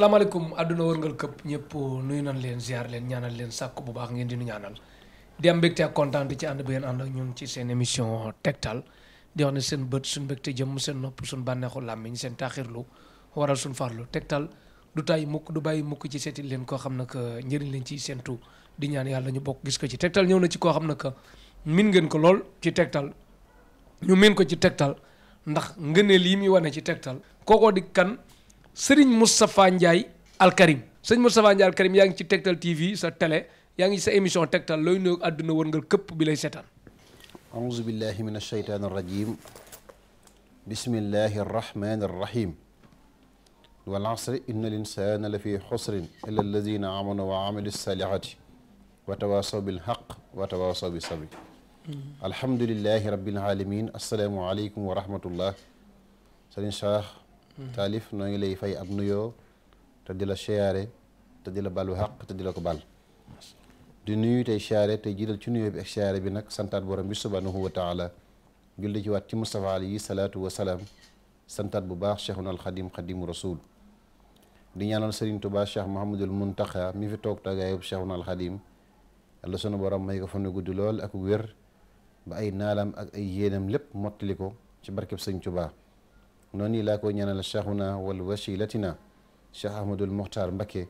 salaamaaleykum àdduna wërngal këpp ñëpp nuyu nañ leen ziar leen ñaanal leen sàkku bu baax ngeen di nu ñaanal di am mbégte ak kontaan ci ànd ba ngeen ak ñun ci seen émission tegtal di wax ne seen bët suñ te jëm seen nopp suñ bànneexu làmmiñ seen taaxirlu waral suñ farlu tegtal du tay mukk du bàyyi mukk ci seeti leen koo xam ne que njëriñ leen ci séentu di ñaan yàlla ñu bokk gis ko ci tegtal ñëw na ci koo xam na que miin ngeen ko lool ci tegtal ñu min ko ci tegtal ndax ngëneel yi muy wane ci tegtal kookoo di kan Serigne Moustapha Ndiaye Alkarim Serigne Moustapha Ndiaye Alkarim yaa ngi ci Tektal TV sa télé yaa ngi sa émission Tektal looy nuyoog àdduna wërngal këpp bi lay seetaan. aouzu billahi min ashaytaani rajim bismillahi arrahmani arrahim wal asri inna al insana la fi xusrin illa alladina amanu wa amilu salihati wa tawasaw bil haq wa tawasaw bi sabri alhamdulilahi rabbil alamin asalaamu aleykum wa rahmatullah Serigne Cheikh taalif noo ngi lay fay ab nuyoo te di la siyaare te di la balu xaq te di ko bal di nuyu tey siyaare tey jiital ci nuyoo bi ak siyaare bi nag santaat borom bi subhanahu wa taala julli ci waat ci Mustafa alayhi salaatu bu baax Cheikhuna alxadim xadimu rasul di ñaanal Serigne Touba Cheikh Mouhamadul Muntaxa mi fi toog tagaayub Cheikhuna alxadim yàlla sunu borom may ko fan gudd lool ak wér ba ay naalam ak ay yéenam lépp mottali ko ci barkeb Sëñ Touba noonu laa koy ñaanal cheikhuna wal wasilatina cheikh ahmadul muxtaar mbakke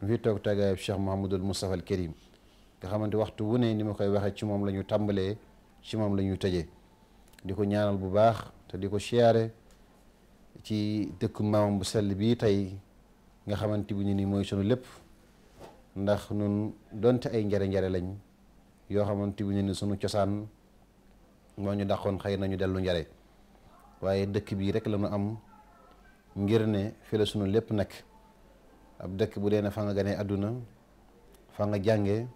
mu fi toog tàggaayab cheikh mouhamadul moustapha al karim nga xamante waxtu wu ne ni ma koy waxee ci moom la ñu tàmbalee ci moom la ñu tëjee di ko ñaanal bu baax te di ko siyaare ci dëkk maamam bu sell bii tey nga xamante bi ñu mooy sunu lépp ndax nun donte ay njare-njare lañ yoo xamante bi ñu sunu cosaan moo ñu dàqoon xëy nañu dellu njare waaye dëkk bii rek la nu am ngir ne fi la sunu lépp nekk ab dëkk bu dee ne fa nga ganee àdduna fa nga jànge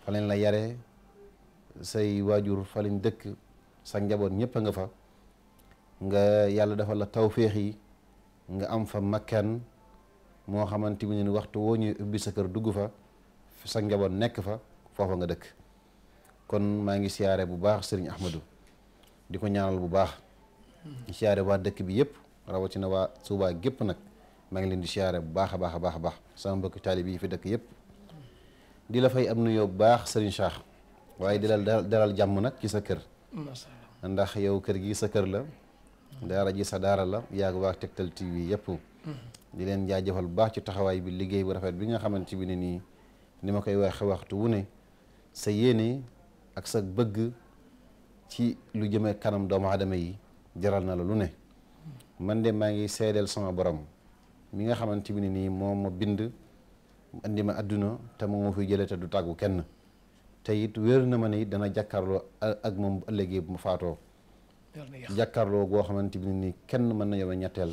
fa lañ la yare say waajur fa lañ dëkk sa njaboot ñëpp a nga fa nga yàlla dafa la tawféex yi nga am fa makkaan moo xamante bi ne waxtu woo ñuy ëbbi sa kër dugg fa sa njaboot nekk fa foofa nga dëkk kon maa ngi siyaare bu baax sëriñ Ahmadou di ko ñaanal bu baax di waa dëkk bi yëpp rawatina waa Tuubaa gépp nag maa ngi leen di siyaare bu baax a baax a baax a baax sama mbokki taalib yi fi dëkk yëpp di la fay am nuyoo bu baax Serigne Cheikh waaye di la dalal jàmm nag ci sa kër ndax yow kër gi sa kër la daara ji sa daara la yaag waa Tektal TV yëpp mm-hmm. di leen jaajëfal bu baax ci taxawaay bi liggéey bu rafet bi nga xamante bi ne nii ni ma koy waxe waxtu wu ne sa yéene ak sa bëgg ci lu jëme kanam doomu aadama yi jaral na la lu ne man de maa ngi seedeel sama borom mi nga xamante bi ne nii moo ma bind indi ma àdduna te moom ma fiy jëlee te du tàggu kenn te it wér na ma ne it dana jàkkaarloo ak moom bu ëllëgee bu ma faatoo jàkkaarloo goo xamante bi nii kenn mën na yow ñetteel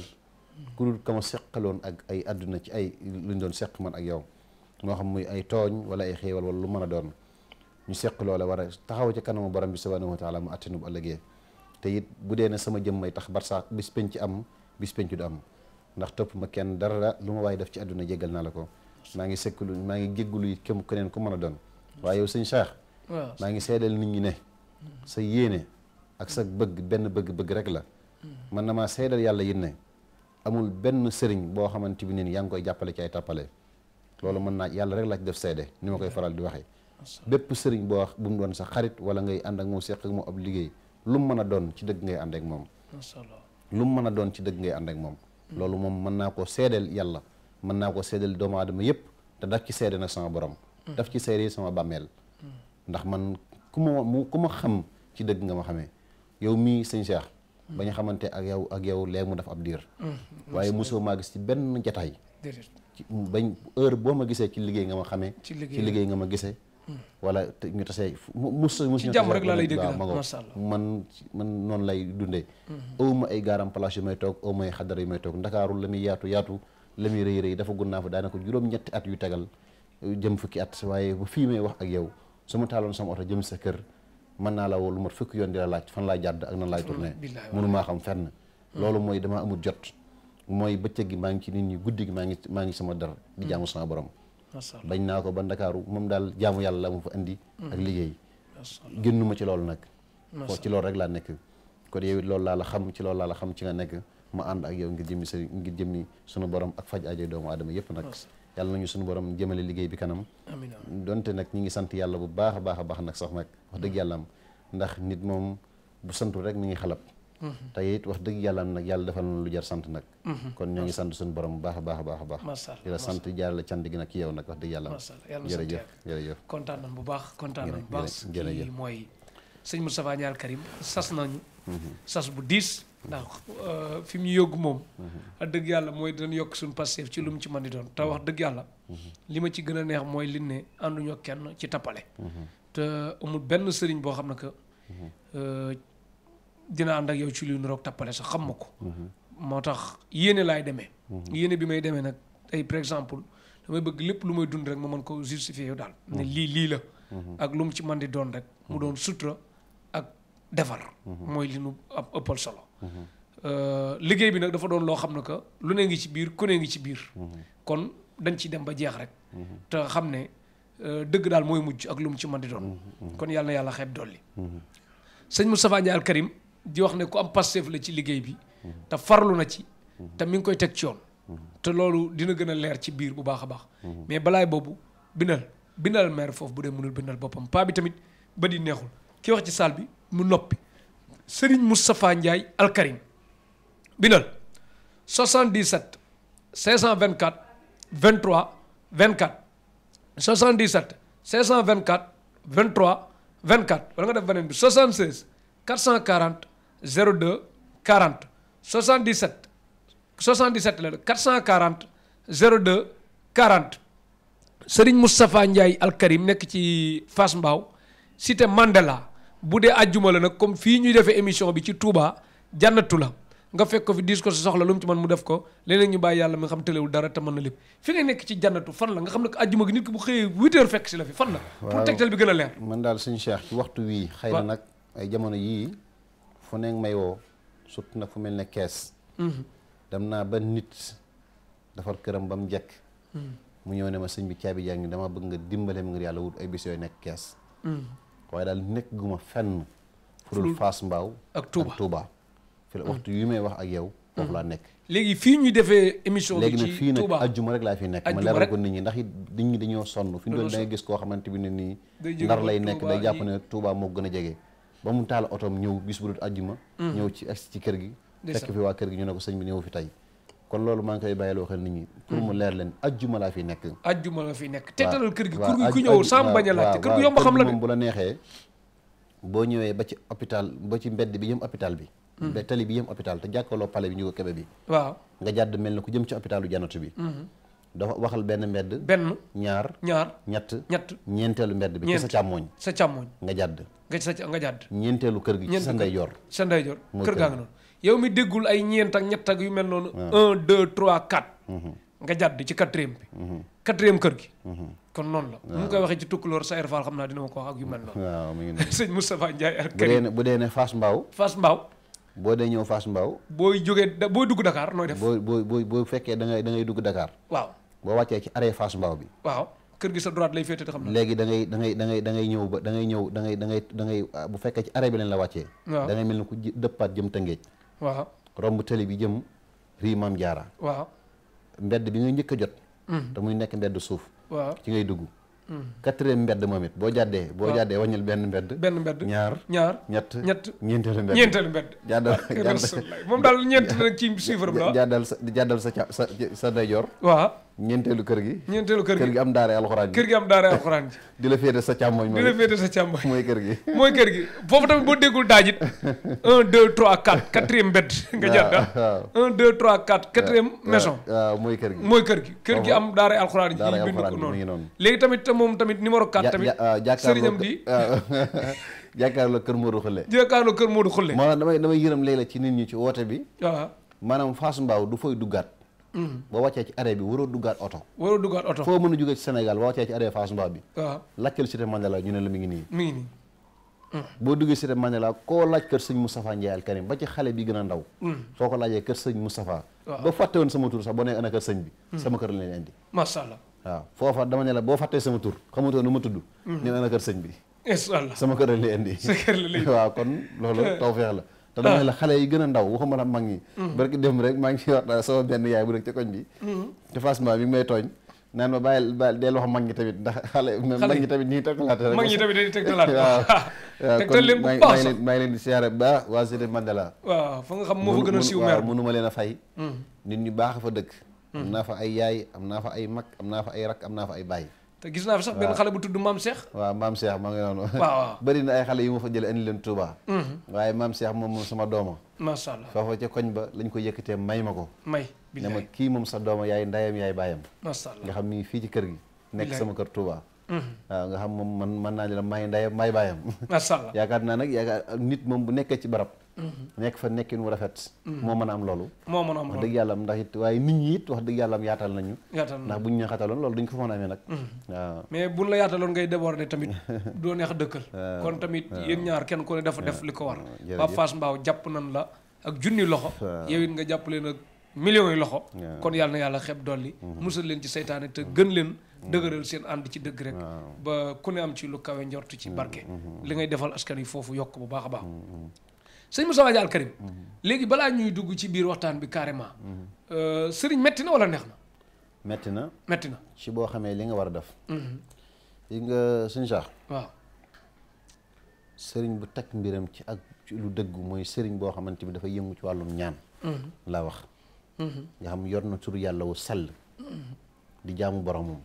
ku dul ka ma seqaloon ak ay àdduna ci ay luñ doon seq man ak yow moo xam muy ay tooñ wala ay xéewal wala lu mën a doon ñu seq loola war a taxaw ci kanamu borom bi subhanahu wa taala mu attinu bu te it bu dee ne sama jëm may tax barsax bis penc ci am bis penc du am ndax tëpp ma kenn dara lu ma waaye def ci àdduna jégal naa la ko maa ngi sekkalu maa ngi jéggalu it keneen ku mën a doon waaye sëñ Cheikh maa ngi seedal nit ñi ne sa yéene ak sa bëgg benn bëgg-bëgg rek la hmm. man na maa seedal yàlla yit ne amul benn sëriñ boo xamante bi ne yaa ngi koy jàppale ci ay tàppale loolu mën naa yàlla rek laaj def seede ni ma koy faral di waxee bépp sëriñ boo wax bu mu doon sa xarit wala ngay ànd ak moom seq ak moom ab liggéey lu mu mën a doon ci dëgg ngay ànd ak moom lu mu mën a doon ci dëgg ngay ànd moom loolu moom mën naa koo seedeel yàlla mën naa ko seedeel doomu aadama yëpp te daf ci seede nag sama borom hmm. daf ci seede sama bàmmeel hmm. ndax man ku ma mu ku ma xam ci dëgg nga ma xamee yow mii sëñ Cheikh hmm. ba ñu xamante ak yow ak yow léegi mu def ab diir waaye mosoo maa gis ci benn jataay bañ heure boo ma gisee ci liggéey nga ma xamee ci liggéey nga ma gisee wala ñu tasee mus mus ci jàmm rek laa lay dégg macha allah man man noonu lay dundee mhm. awma ay gaaram place yu may toog awma ay xadara yu may toog ndakaaru la muy yaatu yaatu la muy rëy rëy dafa gunnaa fa daanaka juróom-ñetti at yu tegal euh, jëm fukki at waaye bu fii may wax ak yow su taaloon sama oto jëm sa kër mën naa la woo lu mat fukki yoon di la laaj fan laa jàdd ak nan laay tourné mënu mm, maa xam fenn mm. loolu mooy damaa amul jot mooy bëccëg gi maa ngi ci nit ñi guddi gi maa ngi maa ngi sama dara di mm. jaamu sama borom bañ naa ko ba ndakaaru moom daal jaamu yàlla la mu fa indi ak mm. liggéey génnuma ci loolu nag ko ci loolu rek laa nekk kon yow it loolu laa la xam ci loolu laa la xam ci nga nekk ma ànd ak yow ngir jëmmi sëriñ ngir jëmmi sunu borom ak faj aajo doomu aadama yëpp nag yàlla nañu sunu borom jëmale liggéey bi kanam donte nag ñi ngi sant yàlla bu baax a baax a baax nag sax nag wax dëgg mm. yàlla am ndax nit moom bu santul rek mi ngi xalab Mm-hmm. te it wax dëgg yàlla nag yàlla defal na lu jar sant nag mm-hmm. kon ñoo ngi sant suñu borom baax a baax a baax a baax di la sant jaarale cant gi nag yow nag wax dëgg yàlla jërëjëf jërëjëf kontaan nañ bu baax kontaan nañ bu baax jërëjëf mooy sëñ Moustapha Ndiaye Al Karim sas nañu mm-hmm. sas bu diis ndax euh, fi mu yóbbu moom a dëgg yàlla mooy dañ yokk suñu passif ci lu mu ci man di doon te wax dëgg yàlla li ma ci gën a neex mooy li ne ànduñoo kenn ci tappale te amul benn sëriñ boo xam ne que euh, dina ànd ak yow ci lu niroog tappale sa xam ma ko. Mhm. moo tax yéene laay demee. Mhm. yéene bi may demee nag ay par exemple damay bëgg lépp lu may dund rek ma mën ko justifier yow daal. ne mhm. lii lii la. ak lu mu ci man di doon rek. mu doon sutura ak defar. mooy li nu ëppal solo. Euh, liggéey bi nag dafa doon loo xam ne que lu ne ngi ci biir ku ne ngi ci biir. kon dañ ciy dem ba jeex rek. te xam ne euh, dëgg daal mooy mujj ak lu mu ci man di doon. kon yàlla na yàlla xeeb dolli. sëñ Moustapha Ndiaye di wax ne ku am Pastef la ci liggéey bi te farlu na ci te mi ngi koy teg ci yoon te loolu dina gën a leer ci biir bu baax a baax mais balaay boobu bindal bindal maire foofu bu dee mënul bindal boppam paa bi tamit ba di neexul ki wax ci saal bi mu noppi Serigne Moustapha Ndiaye Alkarim bindal 77 524 23 24 77 524 23 24 wala nga def beneen bi 76 440 de 02 40 77 77 la 440 02 40 Serigne Moustapha Ndiaye Al Karim nekk ci Fass Mbao cité Mandela bu dee àjjuma la nag comme fii ñuy defee émission bi ci Touba jànnatu la nga fekk ko fi diis ko sa soxla lu mu ci mën mu def ko leneen ñu bàyyi yàlla mi nga xam tëlewul dara te mën na lépp fi nga nekk ci jànnatu fan la nga xam ne àjjuma gi nit ki bu xëyee huit fekk si la fi fan la pour tegtal bi gën a leer man daal suñu cheikh waxtu wii xëy nag ay jamono yii fu nekk may woo sut nag fu mel ne kees mhm. dem naa ba nit defar këram ba mu njëkk mhm. mu ñëw ne ma sëñ bi caabi jaa ngi dama bëgg nga dimbale mi ngir yàlla wut ay bis yooyu nekk kees mhm. waaye daal nekk gu ma fenn furul Fass Mbaaw ak Touba fi la waxtu yu may wax ak yow foofu laa nekk léegi fii ñu defee émission bi ci fii nag ajjuma rek laa fi nekk ma leeral ko nit ñi ndax it nit ñi dañoo sonn fi ñu doon da gis koo xamante bi ne nii ndar lay nekk day jàpp ne Touba moo gën a jege ba mu taal otoom ñëw bis bu dul àjjuma mm. ñëw ci ex ci kër gi fekk fi waa kër gi ñu ne ko sëñ bi ñëw fi tey kon loolu maa ngi koy bàyyiloo xel nit ñi pour mu mm. leer leen ajjuma laa fi nekk ajjuma laa fi nekk tegtalal kër gi kër gi ku ñëwul sam bañ a laajte kër gu yomb xam la moom bu la neexee boo ñëwee ba ci hôpital ba ci mbedd bi yëm hôpital bi mm. ba tali bi yëm hôpital te jàkkaloo pale bi ñu ko kebe bi waaw nga jàdd mel na ku jëm ci hôpitalu janatu bi mm-hmm. dafa waxal benn mbedd. benn ñaar ñaar ñett. ñett ñeenteelu mbedd bi. ci sa càmmoñ sa càmmoñ. nga jàdd nga sa nga jàdd. ñeenteelu kër gi ci sa ndeyjoor. sa ndeyjoor kër gaa nga noonu. yow mi déggul ay ñeent ak ñett ak yu mel noonu. Ah. un deux trois quatre. Mm-hmm. nga jàdd ci quatrième bi. Mm-hmm. quatrième kër gi. Mm-hmm. kon noonu la. waaw ah. mu koy waxee ci tukkuloor sa erfaal xam naa dina ma ko wax ak yu mel noonu. waaw mi ngi noonu sëñ Moustapha Ndiaye ak. bu dee ne bu dee ne Fass Mbao. Fass Mbao. boo dee ñëw Fass jógee da booy dugg Dakar nooy def. boo boo boo fekkee da ngay da ngay dugg Dakar. waaw boo wàccee ci arrêt fas Mbao bi waaw kër gi sa droite lay féete te léegi dangay dangay da ngay ñëw ba da ñëw da ngay da ah, bu fekkee ci arrêt bi leen la wàccee da ngay mel ni ku dëppaat jëm Tëngéej waaw romb tëli bi jëm rii mam Jaara waaw mbedd bi nga njëkk jot mm. te muy nekk mbedd suuf ci ngay dugg mm. quatrième mbedd moom it boo jàddee boo jàddee wàññil benn mbedd benn mbedd ñaar ñaar ñett ñett ñeenteelu mbedd ñeenteelu mbedd jàddal ah, moom daal ñeent nag ci suivre la jàddal sa jàddal sa sa sa ndeyjoor ñeenteelu kër gi ñeenteelu kër gi kër gi am daare alxuraan kër gi am daare ji di la féete sa càmmoñ di la féete mooy kër gi mooy kër gi foofu tamit boo déggul daajit un deux trois quatre quatrième mbedd nga jàdd ah. un deux trois quatre quatrième maison waaw mooy kër gi mooy kër gi kër gi am daare alxuraan ji daare alxuraan ji mi ngi noonu léegi tamit moom tamit numéro 4 tamit ah, sëriñam di ah, jàkkaarloo kër Modou Khoule jàkkaarloo kër Modou Khoule maanaam damay damay yërëm léeg-la ci nit ñi ci woote bi maanaam Fass Mbao du fooy duggaat Mm. ba wàccee ci arrêt bi waroo duggaat oto foo mën a jógee ci Sénégal ba wàccee ci arrêt Fass Mbao bi waaw laajteel cité ñu ne la mi ngi nii mm. boo duggee cité Mandela koo laaj kër sëñ Moustapha Ndiaye Al ba ci xale bi gën a ndaw mm. soo ko laajee kër sëñ Moustapha ba fàtte woon sama tur sax boo nee ana kër sëñ bi sama kër leen indi macha allah waaw foofa dama boo fàttee sama tur xamutoo nu ma tudd ne ana kër sëñ bi incha allah sama kër leen indi sa kër kon loolu tawfeex la te damay ah. la xale yi gën a ndaw waxuma la mag ñi mm. barki dem rek maa ngi ci wax soo benn yaay bu rek ci bi mm. te Fassma mi ngi may tooñ naan ma bàyyi bàyyi tamit ndax xale mag ñi tamit ñi tegtalaate rek mag ñi tamit dañuy tegtalaate waaw ah. leen siyaare baax waa Cité Mandela waaw fa nga xam moo fa gën a siiw meer mënu ma leen a fay mm. nit ñi baax fa dëkk am naa fa ay yaay am naa fa ay mag am naa fa ay rak am naa fa ay baay te gis naa fi sax benn xale bu tudd maam Cheikh. waaw maam Cheikh ma ngi noonu. waaw bëri na ay xale yu ma fa jëlee indi leen Touba. Mhm. waaye maam Cheikh moom moom sama dooma. macha allah foofa ca koñ ba lañ ko yëkkatee may ma ko. may bi ne ma kii moom sa dooma yaay ndayam yaay baayam. macha allah nga xam ni fii ci kër gi. nekk sama kër Touba. Mhm. waaw nga xam moom man mën naa ne may ndayam may baayam. macha naa nag yaakaar nit moom bu nekkee ci barab. nekk fa nekkin wu rafet. Mm-hmm. moo mën a am loolu. moo mën a am loolu wax dëgg yàlla ndax it waaye nit ñi it wax dëgg yàlla yaatal nañu. yaatal nañu ndax bu ñu ñu xataloon loolu duñ ko fa mën a amee nag. Mm-hmm. mais buñ la yaataloon ngay déborder tamit doo neex dëkkal. kon tamit yéen ñaar kenn ku ne dafa def li ko war. jërëjëf Pape Fass Mbaw jàpp nañ la ak junni loxo. yow it nga jàpp leen ak millions loxo. kon yàlla na yàlla xeb dolli. Mm-hmm. musal leen ci seytaane te gën leen. dëgëral seen ànd ci dëgg rek. ba ku ne am ci lu kawe njortu ci barke. li ngay defal askan yi foofu yokk bu baax a baax. sëñ Moussa Wade Al léegi balaa ñuy dugg ci biir waxtaan bi carrément euh, sëriñ metti na wala neex na metti na metti na ci boo xamee li nga war a def li mhm. nga sëñ waaw sëriñ bu teg mbiram ci ak lu dëgg mooy sëriñ boo xamante ni dafa yëngu ci wàllum ñaan mhm. la wax mhm. nga xam yor na turu yàlla wu sell di jaamu boromum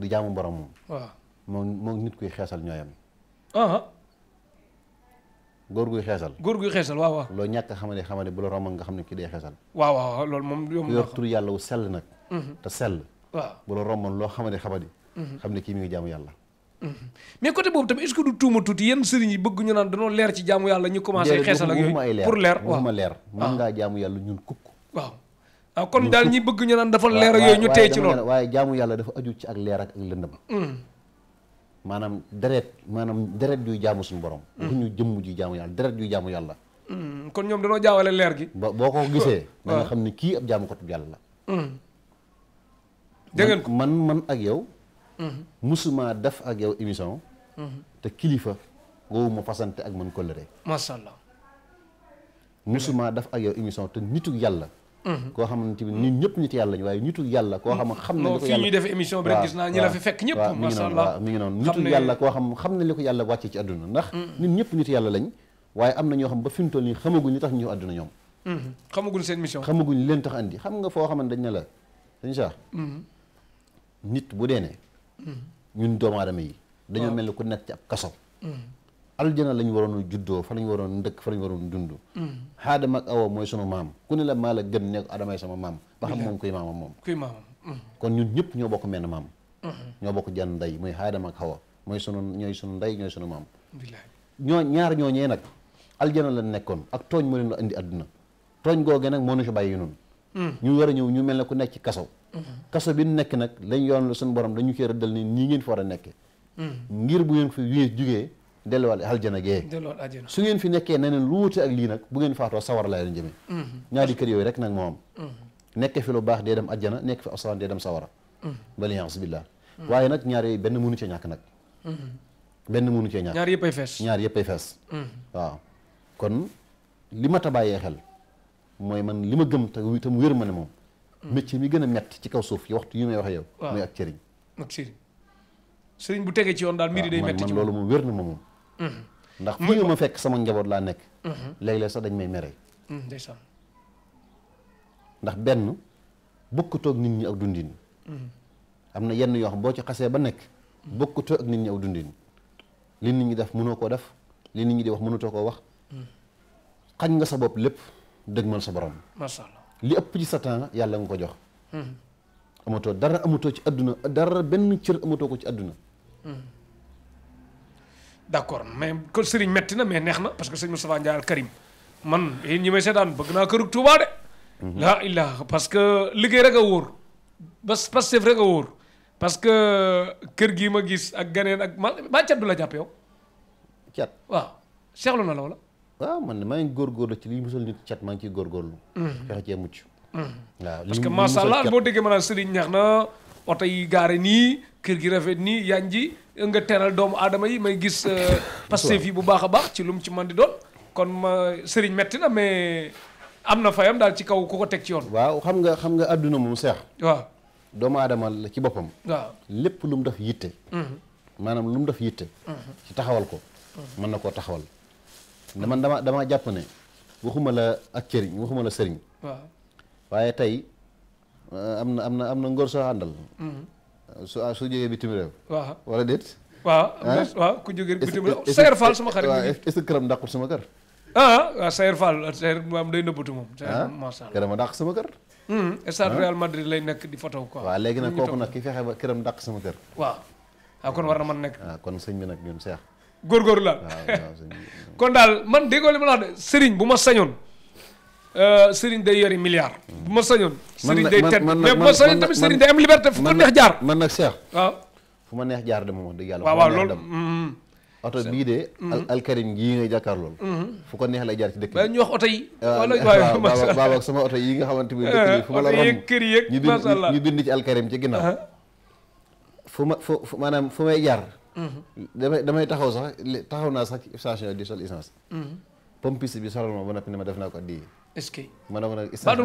di jaamu boromum waaw moom nit kuy xeesal ñooyam góor guy xeesal góor guy xeesal waaw waaw loolu ñàkk xam ne xam ne bu la romb nga xam ne kii day xeesal waaw waaw loolu moom yomb yor tur yàlla wu sell nag mhm. te sell waaw bu la romboon loo xam ne xamadi mhm. xam ne kii mi ngi jaamu mhm. boobu tamit est-ce du tuuma tuuti yenn sëriñ bëgg ñu danoo leer ci ah. jaamu yàlla ñun kukk waaw ah, kon daal ñi bëgg ñu dafa leer yooyu ñu tey ci loolu waaye jaamu yàlla dafa aju ci ak leer ak ak maanaam deret maanaam deret yuy jaamu suñu borom. bu mm. ñu jëmm ju jaamu yàlla deret yuy jaamu yàlla. Mm. kon ñoom danoo jaawale leer gi. ba boo ko gisee. da nga xam ne kii ab jaamu kotub yàlla la. Mm. man man ak yow. Mm-hmm. musuma mm-hmm. def ak yow émission. te kilifa googu ma fasante ak man kóllëre. macha allah. musuma def ak yow émission te nitu yàlla. Mhm. koo xamante ni ñun nit yàlla lañ waaye yàlla koo xam mhm. xam na li ko yàlla fii ñuy def émission bi rek gis naa ñi la fi fekk ñëpp macha allah mi ngi noonu nitu yàlla koo xam xam na li ko yàlla wàcce ci àdduna ndax mhm. ñun ñëpp nitu yàlla lañ waaye am na ñoo xam ba fi nii xamaguñ li tax ñu àdduna ñoom nit bu dee ne ñun doomu yi dañoo mel ni ku nekk ci ab aljana lañ waroon juddoo fa lañ waroon ndëkk fa lañ waroon dund xaadama mm. awa mooy sunu maam ku ne la maa la gën ne ko adamay sama maam ba xam moom kuy maamam moom kuy maamam mm. kon ñun ñëpp ñoo bokk menn maam mm-hmm. ñoo bokk jànn nday muy xaadama ak awa mooy sunu ñooy ñooy sunu maam ñoo ñaar ñooñee nag aljana la nekkoon ak tooñ moo leen andi àdduna tooñ googe nag moo nu fi bàyyi ñun mm. ñu war a ñëw ñu mel ne ku nekk ci kaso mm-hmm. kaso bi nekk nag lañ yoon la suñu borom dañu koy rëddal ni ñii ngeen fi war a nekke ngir delluwaat aljana gee su ngeen fi nekkee neneen lu wuute ak lii nag bu ngeen faatoo sawar laa leen jëmee mhm. ñaari kër yooyu rek nag moom mhm. nekk fi lu baax dee dem ajjana nekk fi asawaan dee dem sawara baliance mhm. billah waaye nag ñaar benn mënu cee ñàkk nag benn mënu cee ñàkk ñaar yëppay fees ñaar yëppay fees waaw kon li ma bàyyee xel mooy man li ma gëm te te mu wér ma ne moom métier mi gën a metti ci kaw suuf yi waxtu yi may waxe yow mooy ak cëriñ ak bu tegee ci yoon daal mbir yi day metti ci moom wér na ma moom Mm-hmm. ndax fu ñu ma fekk sama njaboot laa nekk. Mm-hmm. léeg-léeg sax dañ may mere. Mm-hmm, ndeysaan. ndax benn bokkutoo ak nit ñi ak dundin. am na yenn yoo boo ci xasee ba nekk. bokkutoo ak nit ñi dundin. li nit ñi def mënoo koo def li nit ñi di wax mënutoo koo wax. xañ nga sa bopp lépp dëgmal sa borom. macha allah li ëpp ci sa temps yàlla nga ko jox. amatoo dara amatoo ci àdduna dara benn cër amatoo ko ci adduna. d'accord mais kër Serigne metti na mais neex na parce que sëñ Moustapha Ndiaye man yéen ñi may seetaan bëgg naa kërug Touba de. Mhm. la illah parce que liggéey rek a wóor bas Pastef rek a wóor parce que kër gii ma gis ak ganeen ak ma maa cat la jàpp yow. cat na la wala. waaw man maa ngi góorgóorlu ci li musul nit cat maa ngi ciy góorgóorlu. fexe mhm. cee mucc. Mhm. waaw parce que boo déggee ma naan Serigne ñax na oto yi gaare nii kër gi rafet nii yaañ nga teral doomu aadama yi may gis euh, Pastef yi bu baax a baax ci lu mu ci man di doon kon ma sëriñ metti na mais am na fayam daal ci kaw ku ko teg ci yoon waaw xam nga xam nga àdduna moom seex waaw doomu aadama la ci boppam waaw lépp lu mu def yitte mhm. maanaam lu mu def yitte mhm. ci taxawal ko man mhm. na koo taxawal dama dama dama jàpp ne waxuma la ak cëriñ waxuma la sëriñ waaw waaye tey euh, am na am na am na ngor soo àndal su ah, su jógee bitim réew. waaw wala déet. waaw ah? ku jógee bitim réew. Sayer Fall sama xarit. waaw est-ce que kër. ah waaw Sayer Fall Sayer maam day nëbbatu moom. ah këram sama kër. Hmm, stade ah? Real lay nekk di fotow quoi. waaw léegi nag kooku nag ki fexe ba këram dàq sama kër. waaw kon war na mën nekk. kon sëñ bi nag ñun seex. góorgóorlu la kon daal man déggoo ma la wax de bu ma sañoon. Euh, Serigne day yori milliard. bu ma sañoon. Serigne day tedd mais bu ma sañoon tamit Serigne day am liberté fu ko neex jaar. man nag Cheikh. Ah. fu ma neex jaar de moom dëgg yàlla. waaw waaw loolu mm, mm. oto bii de. Mm. alkarim gii ngay jàkkaarlool. Mm-hmm. fu ko neex lay jaar ci dëkk bi. ñu wax oto yi. Ah, wala waaw waaw oto yi nga xamante ni dëkk bi fu ma la romb kër yeeg macha allah ñu bind ci alkarim ci ginnaaw. Uh-huh. fu ma fu maanaam fu may jaar. Mm-hmm. damay taxaw sax taxaw naa sax ci station di sol essence. Mm-hmm. pompiste bi solal ma ba a ne ma def naa ko di. est-ce ma ne ko nag instant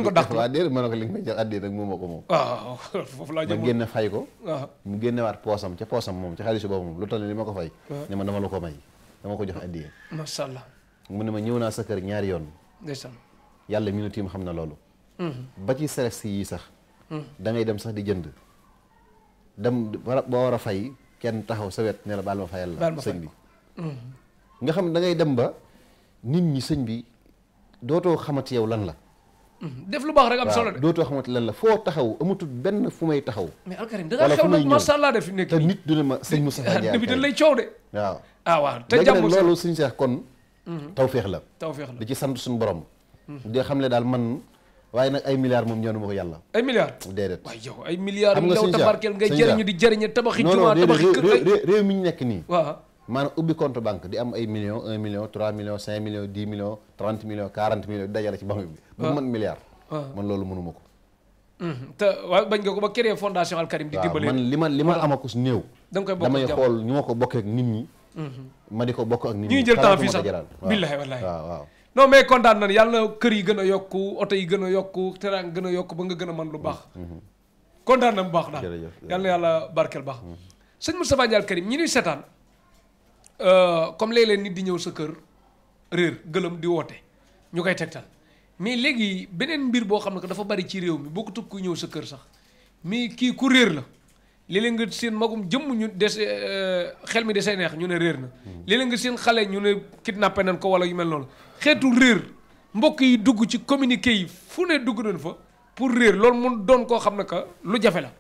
ma ne ko li nga ko moom. waaw foofu laa jëm ma génne fay ko. waaw mu génnewaat poosam ca poosam moom ca xaalisu boobu moom lu toll ni li ma ma dama ma ñëw naa sa kër ñaari yoon. ndeysaan. yàlla mi nu tiim xam na loolu. Mm-hmm. ba ci seres yii sax. Mm-hmm. da a fay kenn sa wet ne la baal ma fayal la. sëñ bi mm-hmm. nga xam da ngay dem ba nit ñi sëñ bi. dootoo xamati yow lan la. Hmm. def lu baax rek am solo de. dootoo xamati lan la foo taxaw amatul benn fu may taxaw. mais alkarim da nga xew nag macha allah def nekk te nit du ne ma sëñ Moustapha Ndiaye bi dañ lay coow de. waaw ah waaw te jàmm hmm. la tawféex la di ci sant suñu borom. Hmm. di xam ne daal ay milliards moom ñoonu ma ko yàlla ay milliards déedéet waaye yow ay milliards daw tabarkeel ngay jëriñu di jëriñu tabaxi jumaa tabaxi kër réew mi ñu nekk nii maanaam ubbi compte banque di am ay millions 1 million 3 millions 5 millions 10 millions 30 millions 40 millions di dajale ci banque bi. ba mu ah. mën milliard. Ah. man loolu mënuma ko. Hmm. te waaw bañ nga ko ba créer fondation Al Karim di dimbali man li ma li ma ah. amaku néew. da nga koy bokk damay xool ñu ma ko bokkee ak nit ñi. Hmm. ma di ko bokk ak nit ñi. ñuy jël temps fii sax billahi wallahi waaw waaw. non mais kontaan nañu yàlla kër yi gën a yokku oto yi gën a yokku terrain gën a ba nga gën a mën lu baax. Hmm, kontaan na bu baax daal. jërëjëf yàlla yàlla barkeel baax. sëñ Moustapha Ndiaye Al Karim ñi ñuy seetaan Euh, comme léeg leen nit di ñëw sa kër réer gëlëm di woote ñu koy tegtal mais léegi beneen mbir boo xam ne que dafa bari ci réew mi boo ko tëb ku ñëw sa kër sax mais kii ku réer la léeg-léeg nga seen magum jëmm ñu des euh, xel mi desee neex ñu ne réer na hmm. léeg-léeg nga seen xale ñu ne kidnappé nañ ko wala yu mel noonu xeetu réer mbokk yi dugg ci communiqué yi fu ne dugg nañ fa pour réer loolu mun doon koo xam ne que lu jafe la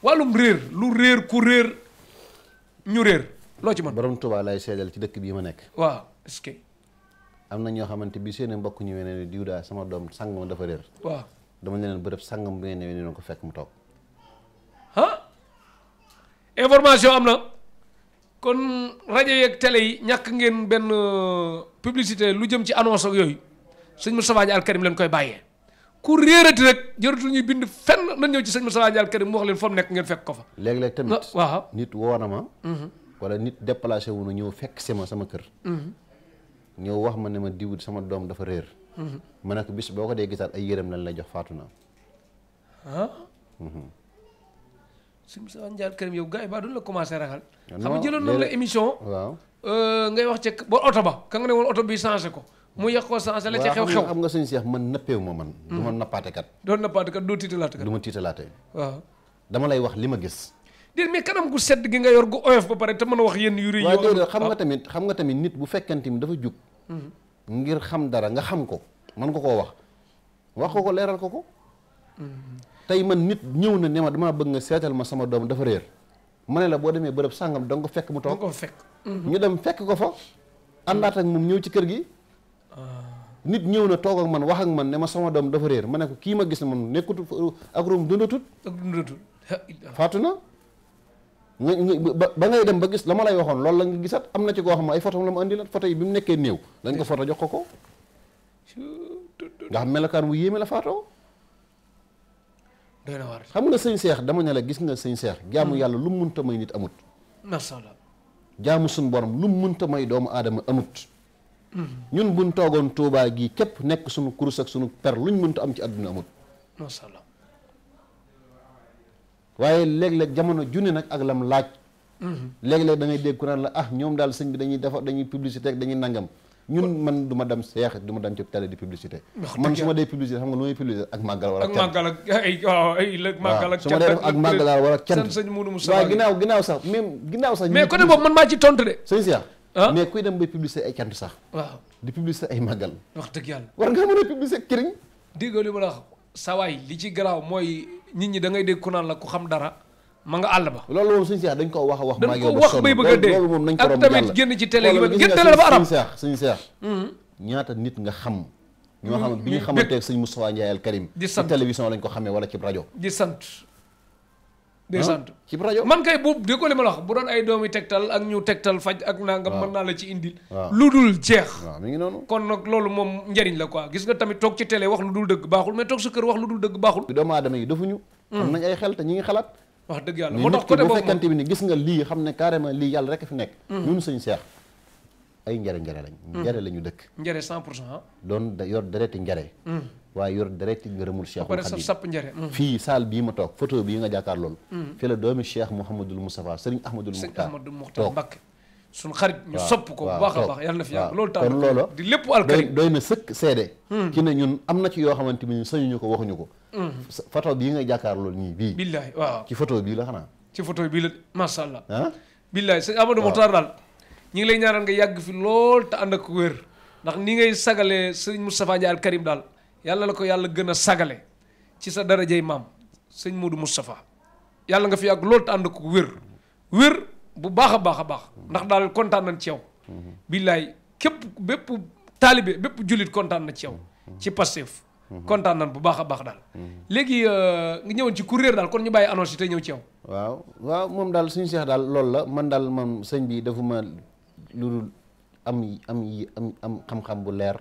wàllum réer lu réer ku réer ñu réer loo ci mën borom Touba lay seedal ci dëkk bii ma nekk waaw est que am na ñoo xamante bi seen mbokk ñu weneen ne daa sama doom sàngam dafa réer waaw dama leen bërëb sàngam bu ko fekk mu toog ah information am na kon rajo yeeg télé yi ñàkk ngeen benn euh, publicité lu jëm ci annonce ak yooyu sëñ Moustapha Al Karim leen koy bàyyee ku réerati rek jëratul ñuy bind fenn nan ñëw ci sëñ Moustapha Al Karim mu wax leen fa nekk ngeen fekk ko fa léeg-léeg tamit waaw nit woo waa nit déplacé wu na ñëw fekk si sama kër. ñëw wax ma ne ma diw sama doom dafa réer. ma ne boo ko dee gisaat ay yërëm lañ lay jox faatu na. ah. Mhm. suñu sa njaar këram ba la commencé ragal. xam nga jëloon nañ la émission. waaw euh, ngay ba oto ba ka ne woon oto bi changé ko. mu yàqoo sens la ca xew-xew waaw xam nga suñu seex man nëppeewu ma man. du ma mhm. nappaate kat. doon nappaate kat doo tiitalaate kat. du ma tiitalaate. dama lay wax li ma gis. déet mais kanam gu sedd gi nga yor gu oyof ba pare te mën a wax yenn yu rëy waaw déedéet xam nga tamit xam nga tamit nit bu fekkante mi dafa jug mm-hmm. ngir xam dara nga xam ko man ko koo wax wax ko ko leeral ko ko mm-hmm. tey man nit ñëw na ne ma damaa bëgg nga seetal ma sama doom dafa réer ma ne la boo demee bërëb sàngam danga ko fekk mu toog ko mm-hmm. ñu dem fekk ko fa àndaat ak moom ñëw ci kër gi ah. nit ñëw na toog ak man wax ak man ne ma sama doom dafa réer ma ne kii ma gis ne man nekkut ak rom dundatut faatu na ba ngay dem ba gis dama lay waxoon loolu la nga gisat am na ci koo xam ay photo la mu andi la photo yi bi mu nekkee néew dañ ko nga melokaan wu yéeme la xam nga sëñ seex dama ne la gis nga sëñ seex jaamu hmm. yàlla lu munta may nit amut macha allah jaamu suñ borom lu munta may doomu aadama amut hmm. ñun buñ toogoon tuubaa gii képp nekk suñu kurus ak suñu per luñ munta am ci àdduna amut macha waaye léeg-léeg jamono junne nag ak lam laaj mhm. léeg-léeg da ngay dégg ku naan la ah ñoom daal sëñ bi dañuy defar dañuy publicité ak dañuy nangam ñun man du ma dem seex du ma dem ci télé di publicité man su ma dee publicité xam nga lu may publicité ak màggal war a màggal ak ay waaw ay màggal ak su ma dee ak màggal war ak cant sëñ Moudou Moussa waaw ginnaaw ginnaaw sax même ginnaaw sax mais man maa ci tontu de sëñ ah? dem bay publicité ay cant sax waaw publicité ay màggal wax dëgg yàlla war nga a publicité kiriñ déggoo li ma la wax sawaay li ci garaaw mooy nit ñi da ngay dégg ku naan la ku xam dara ma nga àll ba. loolu moom suñu seex dañ ko wax a wax. maa ngi wax bay bëgg a dee loolu moom nañ ko romb ak tamit génn ci télé yi génn télé ba arab mm-hmm. ñaata nit nga xam. ñoo xam mm-hmm. bi ñu xamanteeg te Moustapha Ndiaye al Karim. di sant ci télévision lañ ko xamee wala ci rajo. di sant ndeysaan ci rajo man kay bu déggoo li ma la wax bu doon ay doomi tegtal ak ñu tegtal faj ak nangam mën naa la ci indil lu dul jeex mi ngi noonu kon nag loolu moom njariñ la quoi gis nga tamit toog ci télé wax lu dul dëgg baaxul mais toog sa kër wax lu dul dëgg baaxul doomu aadama yi dafuñu hmm. am nañ ay xel te ñi ngi xalaat wax dëgg yàlla moo tax côté boobu bu fekkante bi ni gis nga lii xam ne carrément lii yàlla rek fi nekk hmm. ñun suñ seex ay njare njare lañ hmm. njare la ñu dëkk njare cent pour cent ah. doon yor dereti njare waaye yor direct ngërëmul Cheikhul Khadim mm. fii saal bii ma toog photo bii nga jàkkaar loolu mm. fi la doomi Ahmadul Muxtaar toog suñ xarit ñu sopp ko bu baax a baax yàlla na fi yàgg loolu tax kon na sëkk seede ci mm. ne ñun ko waxuñu ko photo bii nga jàkkaar loolu nii bii billaahi waaw ci photo bii la xanaa ci photo bii la masha Allah ah billaahi ngi lay ñaanal nga yàgg fi lool te ànd ni ngay sagalee sëriñ Moustapha Ndiaye alkarim daal yàlla la ko yàlla gën a sagale ci sa darajay maam sëñ Modou Moustapha yàlla nga fi ak loolu te ànd ko wér wér bu baax a baax a baax ndax daal kontaan nañ ci yow mhm. billaay képp bépp taalibe bépp jullit kontaan na ci yow mhm. ci Pastef mhm. kontaan nañ bu baax a baax daal léegi euh, ngi ñëwoon ci kuréel daal kon ñu bàyyi annonce yi te ñëw ci yow waaw waaw moom daal suñu seex daal loolu la man daal man sëñ bii dafa ma lu am am am am xam-xam bu leer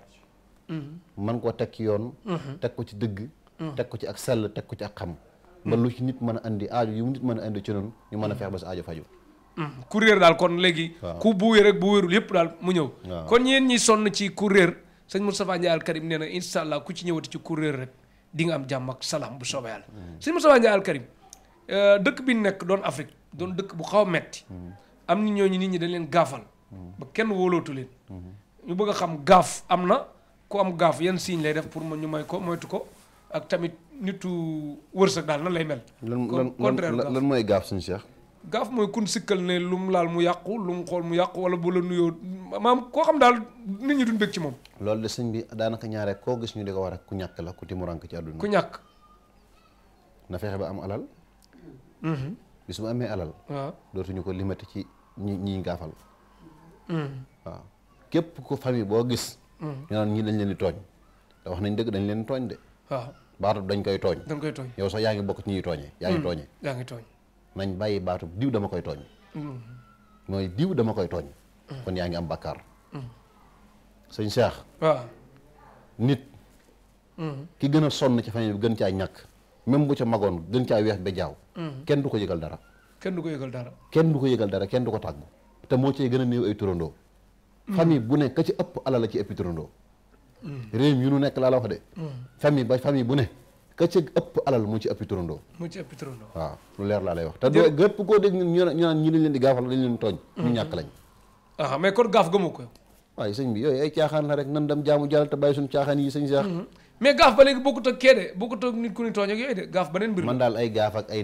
man koo teg ci yoon mhm. teg ko ci dëgg mhm. teg ko ci ak sell teg ko ci ak xam ba lu ci nit mën a andi aajo yu nit mën a andi ci noonu ñu man a feex ba sa aajo faju mhm. ku réer daal kon léegi ku bu wéer ak bu wéerul yëpp daal mu ñëw kon yéen ñi sonn ci ku réer sëñ Moustapha Ndiaye Al Karim nee na incha allah ku ci ñëwati ci ku rek dinga am jàmm ak salaam bu soobee yàlla sëñ Moustapha Ndiaye Al Karim euh, dëkk bi nekk doon Afrique doon dëkk bu xaw a metti am ni ñooñu nit ñi dañ leen gaafal kenn wóolootu ñu ku am gaaf yan signe lay def pour ñu may ko moytu ko ak tamit nitu wërsëg daal na lay mel. contraire lan lan mooy gaaf suñu Cheikh. gaaf mooy kun sikkal ne lu mu laal mu yàqu lu mu xool mu yàqu wala bu la nuyoo maam koo xam daal nit ñi duñ bëgg ci moom. loolu de sëñ bi daanaka ñaare koo gis ñu di ko war ak ku ñàkk la ku timurank ci àdduna. ku ñàkk. na fexe ba am alal. Mhm. bis mu amee alal. dootuñu ko limati ci ñi ñi gaafal. Mhm. képp ku famille boo gis. Mm-hmm. ñu naan ñii dañ leen di tooñ te wax nañ dëgg dañ leen tooñ de waaw baatub dañ koy tooñ dañ koy tooñ yow sax yaa ngi bokk ci ñuy tooñee yaa ngi mm-hmm. tooñee yaa ngi tooñ nañ bàyyi baatub diw dama koy tooñ mm-hmm. mooy diw dama koy tooñ kon yaa ngi am bakkaar sëñ Cheikh waaw nit ki gën a sonn ci famille bi gën caa ñàkk même bu ca magoon gën caa weex ba jaaw kenn du ko yëgal dara kenn du ko yëgal dara kenn du ko yëgal dara kenn du ko tàggu te moo cee gën a néew ay turandoo Mm. famille bu ne ka ci ëpp alal a ci ëppi turandoo mm. réew yu nu nekk laa la wax de mm. famille ba famille bu ne ka ci ëpp alal mu ci ëppi turandoo mu ci ëppi turandoo waaw lu leer laa lay wax te doo gépp koo dégg ñu naan ñi leen di gaafal dañ leen tooñ ñu ñàkk lañ ah, mais kon gaaf gëmu ko waaye sëñ bi yooyu ay caaxaan la rek nan dem jaamu jàll te bàyyi suñu caaxaan yi sëñ sax mm-hmm. mais gaaf ba léegi bokkut ak kee de bokkut ak nit ku ni tooñ ak yooyu de gaaf beneen mbir man daal ay gaaf ay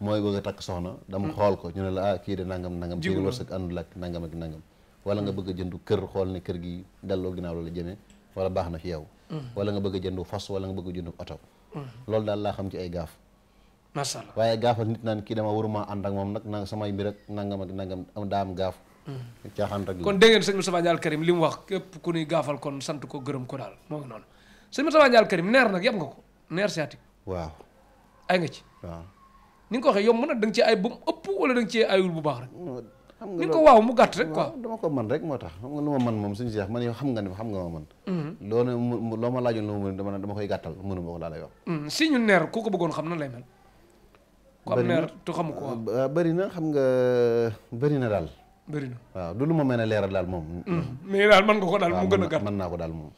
mooy bëgg a takk soxna dama mm. xool ko ñu ne la ah kii de nangam nangam kii de wërsëg àndul ak nangam ak nangam wala nga mm. bëgg a jëndu kër xool ne kër gi delloo ginnaaw la la jëmee wala baax na fi yow mm. wala nga bëgg a jëndu fas wala nga bëgg a jëndu oto loolu xam ci ay gaaf macha allah waaye gaafal nit naan kii dama waruma ànd ak moom nag nanga samay mbir ak nangam ak nangam am daa am gaaf caaxaan rek kon dégg ngeen sëñ Moustapha Ndiaye Al li mu wax ku ñuy gaafal kon sant ko gërëm ko daal moo ngi noonu sëñ Moustapha Ndiaye Al Karim neer nag yab nga ko neer sciatique waaw ay nga ci waaw ni nga ko waxee yomb na da nga ci ay bu mu ëpp wala da ci ayul bu baax rek. xam nga ni ko waaw mu gàtt rek ko dama ko man rek moo tax xam nga lu ma man moom suñu seex man xam nga ni xam mhm. loo ma laajoon loo ma mën dama dama koy gàttal mënu ma ko laa lay wax. Mhm. si ñu neer ku xam ko waaw na xam nga bëri na daal. bëri na waaw du lu ma mën a leeral daal moom. Mhm. mais daal man nga ko daal mu gën a gàtt man naa ko daal moom.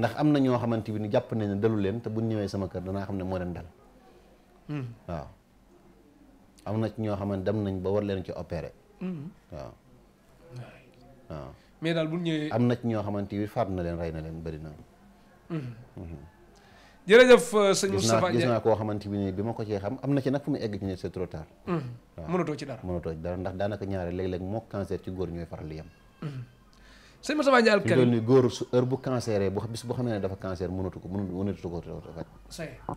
ndax am na ñoo xamante bi ni jàpp nañ ne dalu leen te bu ñëwee sama kër danaa xam ne moo leen dal waaw am na ci ñoo xamante dem nañ ba war leen ci opéré. waaw. waaw mais am na ci ñoo xamante bi faat na leen rey na leen bëri na. jërëjëf sëñ Moustapha Diagne gis naa koo xamante bi bi ma ko cee xam na ci nag fu mu egg ci ne c'est trop tard. waaw mënatoo ci dara mënatoo ci dara ndax daanaka ñaare léeg-léeg moo cancer ci góor ñooy faral di yem. sëñ Moustapha Diagne alkali góor su heure bu cancer bu bis boo xam ne dafa cancer mënatu ko mënatu ko mënatu ko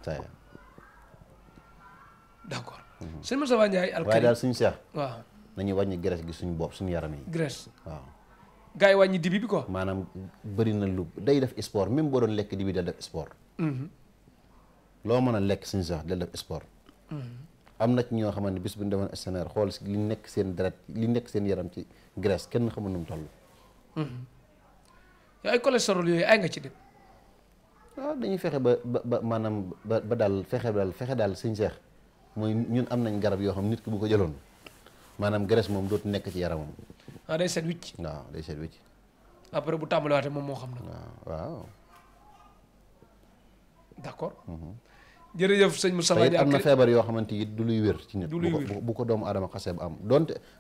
faj. ça Mhm. sëñ Moustapha Ndiaye alkarim waaye daal suñu seex waaw nañu wàññi graisse gi suñu bopp suñu yaram yi graisse waaw gars yi wàññi dibi bi ko maanaam bëri na lu day def sport même boo doon lekk dibi dal def sport mhm. loo mën a lekk suñu seex dal def sport mhm. am na ci ñoo xamante ne bis bu ñu demoon stanér xool li nekk seen deret li nekk seen yaram ci graisse kenn xamul nu mu toll yow ay cholestérol yooyu ay nga ci dem waaw ah, dañuy fexe ba ba ba maanaam ba ba daal fexe daal fexe daal suñu seex mooy ñun am nañ garab yoo xam nit ki bu ko jëloon maanaam graisse moom dootu nekk ci yaramam. ah day set wicc. waaw day set wicc. après bu tàmbaliwaatee moom moo xam na. Ah, waaw d'accord. Mhm. jërëjëf sëñ Moussa Diakhaté am na feebar yoo xamante yi du luy wér. ci nit bu ko doomu aadama xasee a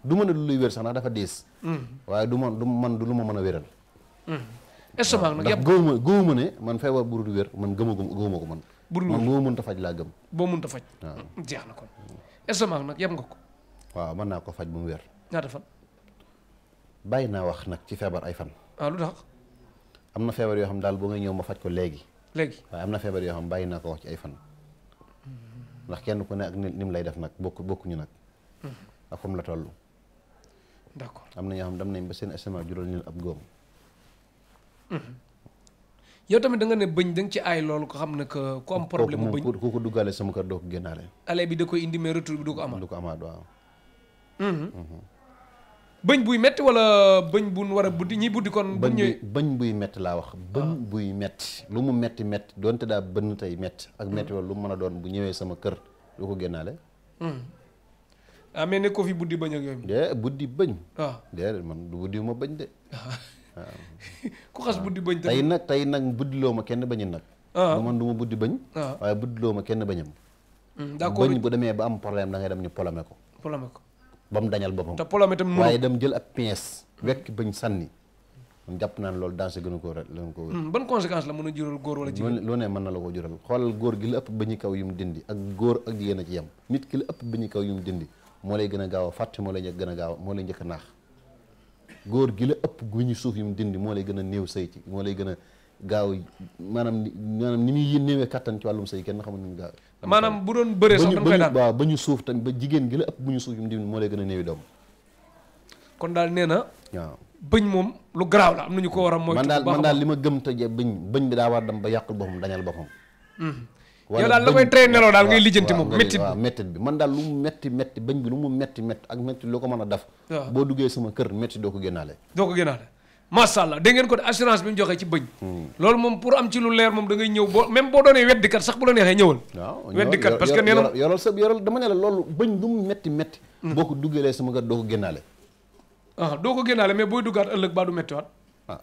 lu luy wér sax ndax dafa diis. Mhm. waaye du man du lu ma mën a wéral. Mhm. ndax gëwuma man feebar bu dul wér gëwuma ko man. bu dul loo mënta faj laa gëm. boo mënta faj. jeex na kon estomac nag yem nga ko. waaw mën naa ko faj bu mu wér. ñaata fan. bàyyi naa wax nag ci feebar ay fan. ah lu tax. am na feebar yoo xam daal bu nga ñëw ma faj ko léegi. léegi waaye am na feebar yoo xam bàyyi naa ko wax ci ay fan. ndax kenn ku ne ak ni mu lay def nag bokk bokkuñu nag. Mm-hmm. ak fu mu la toll. d'accord am na ñoo xam dem nañ ba seen estomac jural ñu ab góom. Mm-hmm. yow tamit danga ne bëñ da ci ay loolu ko xam ne que ku am problème mu bëñ ku ko duggaale sama kër doo ko génnaale ale bi da ko amaat du ko amaat waaw mhm. Mhm. bëñ buy metti wala bëñ buñ war a buddi ñi buddi kon buy metti laa wax ah. buy metti lu mu metti metti doonte daa bënn tey metti ak metti mm. lu mën a doon bu ñëwee sama kër du ko génnaale mm. ah mais ne ko fi buddi bëñ ak yooyu de eh, buddi bëñ waaw ah. déedéet ma bëñ de ah. ku xas buddi bañ. tey nag tey nag buddiloo ma kenn bañin nag. waaw ah. man du ma buddi bañ. waaw ah. waaye buddiloo ma kenn bañam. Hmm, d'accord bañ bu demee ba am problème da ngay dem ñu polomé ko. polomé ko ba mu dañal boppam. te polomé tam waaye dem jël ak pièce. wekk bañ sànni. man jàpp naa loolu danger gënu ko gënu ko. Hmm, ban conséquence a jural lu ne mën na la ko jural xoolal góor gi la ëpp bañu kaw yu mu dindi ak góor ak jigéen a ci yem. nit ki la ëpp bañu kaw yu mu dindi moo lay gën a gaaw a fàtte moo lay gën a gaaw moo lay njëkk a naax góor gi la ëpp gu ñu suuf yi mu dindi moo lay gën a néew sëy ci moo lay gën a gaaw maanaam maanaam ni muy néewee kattan ci wàllum sëy kenn xamul ni mu gaaw maanaam bu doon bëree sax dañ koy daan ba suuf tamit ba jigéen gi la ëpp bu ñu suuf yi mu dindi moo lay gën a néewi doom kon daal nee na waaw bëñ moom lu garaaw la am nañu ko war a moytu man daal man daal li ma gëm te je bëñ bëñ bi daa war dem ba yàqul boppam dañal boppam mhm. yow daal la koy traîner daal ngay lijjanti moom méttit waaw méttit bi man daal lu mu métti métti bañ bi lu mu métti métti ak métti lu ko mën a def sama kër métti doo ko génnaale doo ko génnaale macha ko assurance bi joxee ci bëñ hmm. loolu moom pour am ci leer moom da ngay ñëw boo même boo doonee weddikat sax bu la neexee ñëwal waaw weddikat parce que nee na yoral sa yoral dama ne la loolu bañ lu mu métti métti hmm. boo doo génnaale ah doo ko génnaale mais booy duggaat ëllëg baa du méttiwaat ah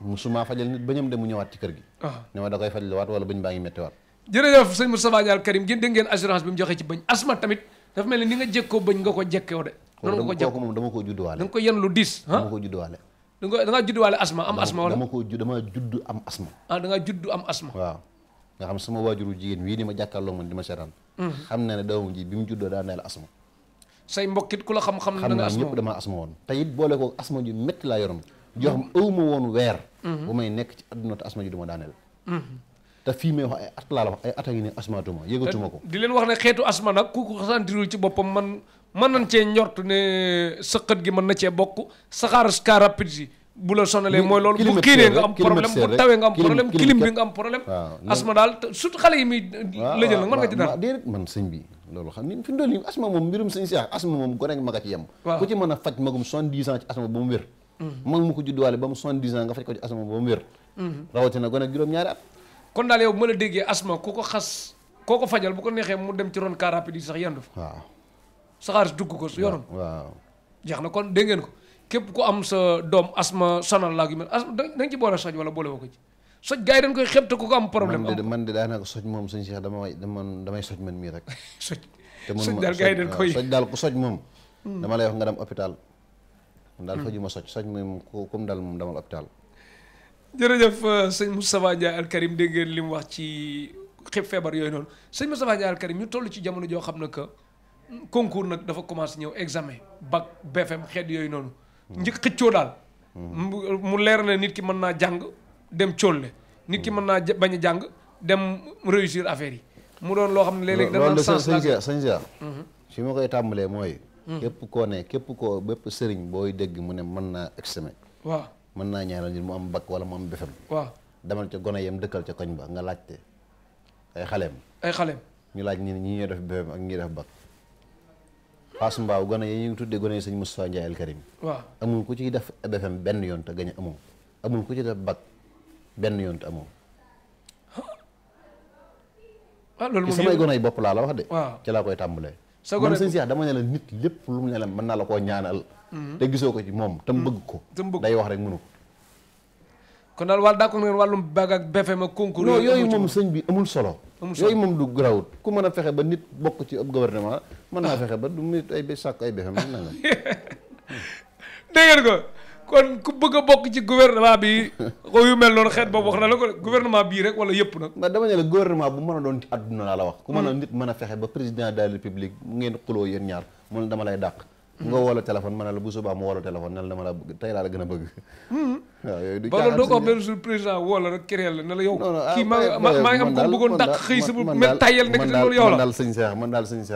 musuma fajal nit bañam de mu ñëwaat ci kër gi ah. ne ma da koy fajal waat wala bañ baa ngi méttiwaat jërëjëf sëñ Moustapha Dial Karim ngeen dégg ngeen assurance bi mu joxe ci bañ asma tamit dafa mel ni ni ko jekkoo de noonu nga ko dama koo judduwaale da nga ko yen lu diis ah dama koo judduwaale da nga da ngaa judduwaale asma am asma wala dama judd am asma ah da ngaa judd am asma waaw nga xam sama jigéen wii ni ma jàkkaarloo man di ma seetaan mm-hmm. mu juddoo daa neel asma say mbokkit ku la xam-xam na da nga asma ñëpp dama asma woon te it boole ko asma ju métti laa yoroon joo xam ëw ma woon weer mm-hmm. bu may nekk ci adduna te asma ju dama daaneel mm-hmm. te fii may wax ay at wax ay at a ngi ne ko. di leen wax ne xeetu asma nag ku ko santirul ci boppam man mën nañ cee njort ne sëqët gi mën na cee bokk saxaar car rapide yi bu la sonalee mooy loolu bu xiinee nga am problème bu bi nga am problème asma daal surtout xale yi muy lëjël nag mën nga ci loolu xam ni fi ndol yi asma moom mbirum sëñ Cheikh asma moom gone ak a ci yem ku ci mën a faj magum soixante-dix ci asma ba kon daal yow bu ma la déggee asma ku ko xas koo ko fajal bu ko neexee mu dem ci ron car rapide yi sax yendu fa. waaw saxaar dugg ko su yoonam. waaw na kon dégg ko képp ku am sa doom asma sonal la ak yu mel da nga ci boole soj wala boole ko ci soj gars yi dañ koy xeeb te ku ko am problème. man de man de daanaka soj moom suñu Cheikh damay damay soj man mii rek. soj soj daal gars yi dañ koy soj daal ku soj moom. Hmm. dama lay wax nga dem hôpital. Hmm. daal fajuma soj soj moom ku mu daal moom demal hôpital. jërëjëf euh, sëñ Moustapha Ndiaye Al Karim dégg li mu wax ci xib feebar yooyu noonu sëñ Moustapha Ndiaye ñu toll ci jamono joo xam ne que concours nag dafa commencé ñëw examen bac BFM xeet yooyu noonu. njëkk xëccoo daal. mu leer na nit ki mën naa jàng dem cóolle. nit ki mën naa bañ a jàng dem réussir affaire yi. mu doon loo xam ne léeg-léeg dana sens la loolu mhm. ma koy tàmbalee mooy. Mhm. képp koo ne képp koo bépp sëriñ booy dégg mu ne mën naa examen. waaw mën naa ñaanal nit mu am bakk wala mu am befem demal ca gone yam dëkkal ca koñ ba nga laajte ay xaleem ay xaleem ñu laaj ñi ñi ñuy def befem ak ñi def bakk Fass Mbao gone yi ñu ngi tuddee gone yi sëñ Moustapha Ndiaye El Karim waaw amul ku ci def befem benn yoon te gañ amoo amul ku ci def bakk benn yoon te amoo waaw ah, loolu moom ci samay gone yi bopp laa la wax de. waaw ci laa koy tàmbalee. sa gone man sëñ Cheikh dama ne la nit lépp lu mu ne la mën naa la ko ñaanal. Mm-hmm. te gisoo ko ci moom tam mm-hmm. bëgg ko. day wax rek mënu ko. kon daal wàll d'accord ngeen wàllum bag ak befe ma concours. non yooyu moom sëñ bi amul solo. amul solo yooyu moom du grawut ku mën a fexe ba nit bokk ci ab gouvernement mën naa fexe ba du nit ay sàkk ay befe mën na nga. ko. kon ku bëgg a bokk ci guvernement bi xaw yu mel noonu xeet boobu wax na la ko gouvernement bii rek wala yëpp nag. ndax dama ne la gouvernement bu a doon ci àdduna wax. ku mën a hmm. nit mën a fexe ba président de la république ngeen xuloo yéen ñaar mun dama lay dàq. nga hmm. woola téléphone ma ne la bu subaa mu woola téléphone na la dama la tey laa la gën a bëgg. Hmm. waaw yooyu du caaxaan doo ko benn jour président ah, woola rek créé ah, maa ngi am ko bëggoon dàq xëy man daal man daal man daal sëñ man daal sëñ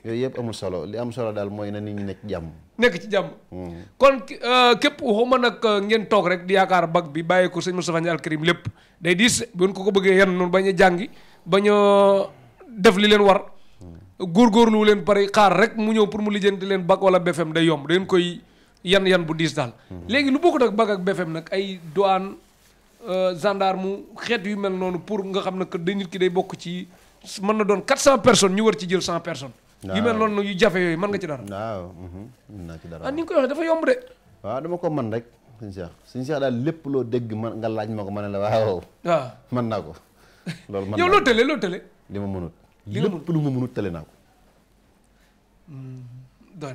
yooyu yëpp amul solo li am solo daal mooy na nit ñi nekk jàmm. nekk ci jàmm. Hmm. kon euh, képp waxuma nag euh, ngeen toog rek di yaakaar bag bi bàyyeeku ko sëñ Moustapha Ndiaye Al Karim lépp day diis buñ ko ko bëggee yan noonu bañ a jàngi bañ def li leen war. Hmm. góorgóorlu leen pare xaar rek mu ñëw pour mu lijjanti leen bag wala BFM day yomb dañ koy yan yan bu diis daal. Hmm. léegi lu bokkut ak bag ak BFM nag ay douane euh, gendarme xeet yu mel noonu pour nga xam ne que nit ki day bokk ci mën na doon 400 personnes ñu war ci jël cent personne yu mel noonu yu jafe yooyu mën nga ci dara. waaw mhm, naa ci dara ah, ni nga waxee dafa yomb de. waaw dama ko mën rek suñu seex seex daal lépp loo dégg man nga laaj ma ko ma ne la waaw. waaw ah. naa ko. loolu mën yow loo tële loo tële. li ma mënut. li ma mënut lépp lu ma mënut tële naa ko. Hmm, doy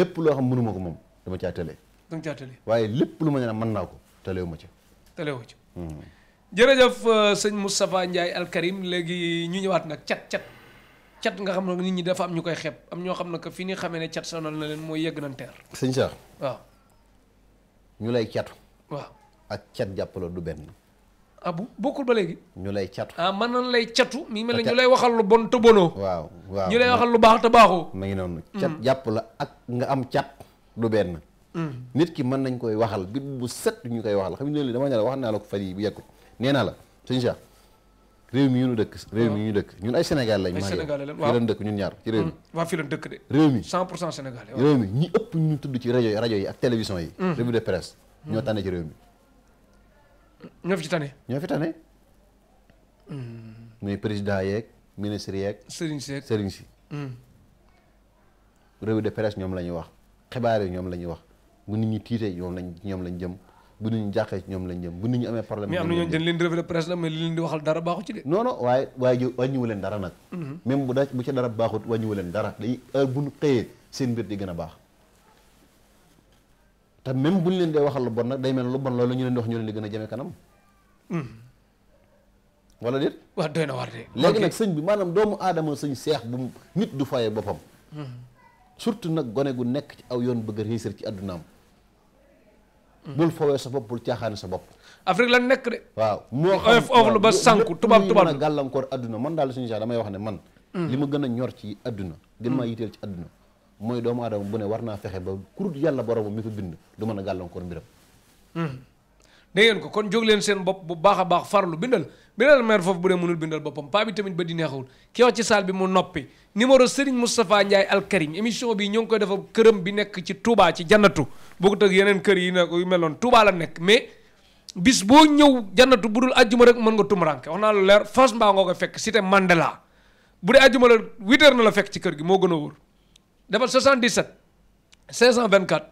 lépp loo xam mënu ma ko moom dama caa tële. dama waaye lépp lu ma ne mën naa ko tëlewu ma ci. tëlewu ci. Hmm. jërëjëf euh, sëñ Moustapha Ndiaye Al Karim léegi ñu ñëwaat nag cat cat cat nga xam ne nit ñi dafa am ñu koy xeeb am ñoo xam ne que fi ni xamee ne cat sonal na leen mooy yegg nañ teer. sëñ Cheikh. waaw. ñu lay catu. waaw ak cat jàppaloo du benn. ah bu bokkul ba ñu lay catu. ah man nan lay catu. mi ngi mel ne ñu lay waxal lu bon te bonoo. waaw waaw ñu waxal lu baax te baaxoo. ma ngi noonu. Mm. cat jàpp la ak nga am cat du benn. Mm. nit ki mën nañ koy waxal bit bu set ñu koy waxal xam nga loolu dama ne la wax naa la ko fan yii bu yegg nee naa la sëñ Cheikh. réew mi ñu dëkk ah. ñu dëkk ñun ay sénégal lañ maa fi lan dëkk ñun ñaar ci réew mi mm, waaw ëpp ñu tudd ci rajo yi rajo yi ak télévision yi mm. revue de presse ñoo tane ci réew mi mm, ñoo fi ci tane ñoo muy président yeeg ministre yeeg sëriñ si de presse ñoom la ñuy wax xibaar yi ñoom la ñuy wax bu nit ñi tiite ñoom lañ jëm bu nit ñu jàqee ñoom lañ jëm bu nit ñi amee problème. mais am na ñooñu leen revue de presse la mais li leen di waxal dara baaxu ci waaye waaye ji wàññiwu leen dara nag. Mm-hmm. même bu daa bu ci dara baaxut wàññiwu leen dara day bu ñu xëyee seen mbir di gën a baax. te même bu ñu leen dee waxal lu bon nag day mel lu bon loolu ñu leen di wax ñu leen di gën a jëme kanam. Mm-hmm. wala déet. waaw doy na war de. léegi nag sëñ bi maanaam doomu aadama sëñ seex bu nit du fayee boppam. Mm-hmm. surtout nag gone gu nekk ci aw yoon bëgg a réussir ci addunaam bul fowee sa bopp bul caaxaane sa bopp Afrique lan nekk de waaw moo xam ba sànku tubaab tubaab mën a gàllankoor adduna man daal suñu sax damay wax ne man mm. li ma gën a ñor ci adduna gën maa yiteel ci adduna mooy doomu aadama bu ne war naa fexe ba kurut yàlla boromam mi ko bind du mën a gàllankoor mbiram mm. da ngeen ko kon jóg leen seen bopp bu baax a baax farlu bindal bindal maire foofu bu dee mënul bindal boppam paa bi tamit ba di neexul ki wax ci saal bi mu noppi numéro Serigne Moustapha Ndiaye Al Karim émission bi ñoo ngi koy defal këram bi nekk ci Touba ci jannatu bokkut ak yeneen kër yi nekk yu meloon noonu la nekk mais bis boo ñëw janatu bu dul ajjuma rek mën nga tumuranke wax naa lu leer face mbaa nga ko fekk cité Mandela bu dee ajjuma la 8 na la fekk ci kër gi moo gën a wóor dafa 77 524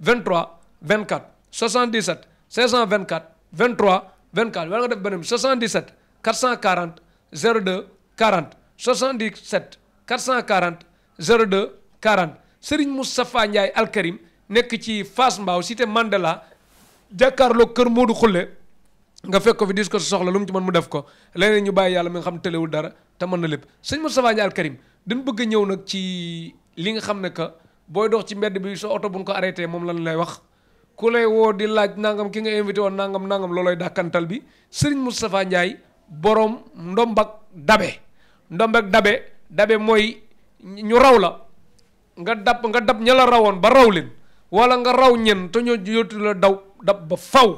23 24 77 524 23 24 wala nga def beneen bi 77 440 02 40 77 440 02 40 Serigne Moustapha Ndiaye Alkarim nekk ci Fass Mbao cité Mandela jàkkaarloo kër moo Modou Khoule nga fekk ko fi dis ko si soxla lu mu ci mën mu def ko leneen ñu bàyyi yàlla mi ngi xam tëlewul dara te mën na lépp sëñ Moustapha Ndiaye Alkarim dañ bëgg a ñëw nag ci li nga xam ne que booy dox ci mbedd bi soo oto bu buñ ko arrêté moom lan lay wax. ku lay woo di laaj nangam ki nga invité woon nangam nangam looloy dàkkantal bi Serigne Moustapha Ndiaye boroom ndombak dabe ndombak dabe dabe mooy ñu raw la nga dab nga dab ña rawoon ba raw leen wala nga raw ñen te ñoo daw dab ba faw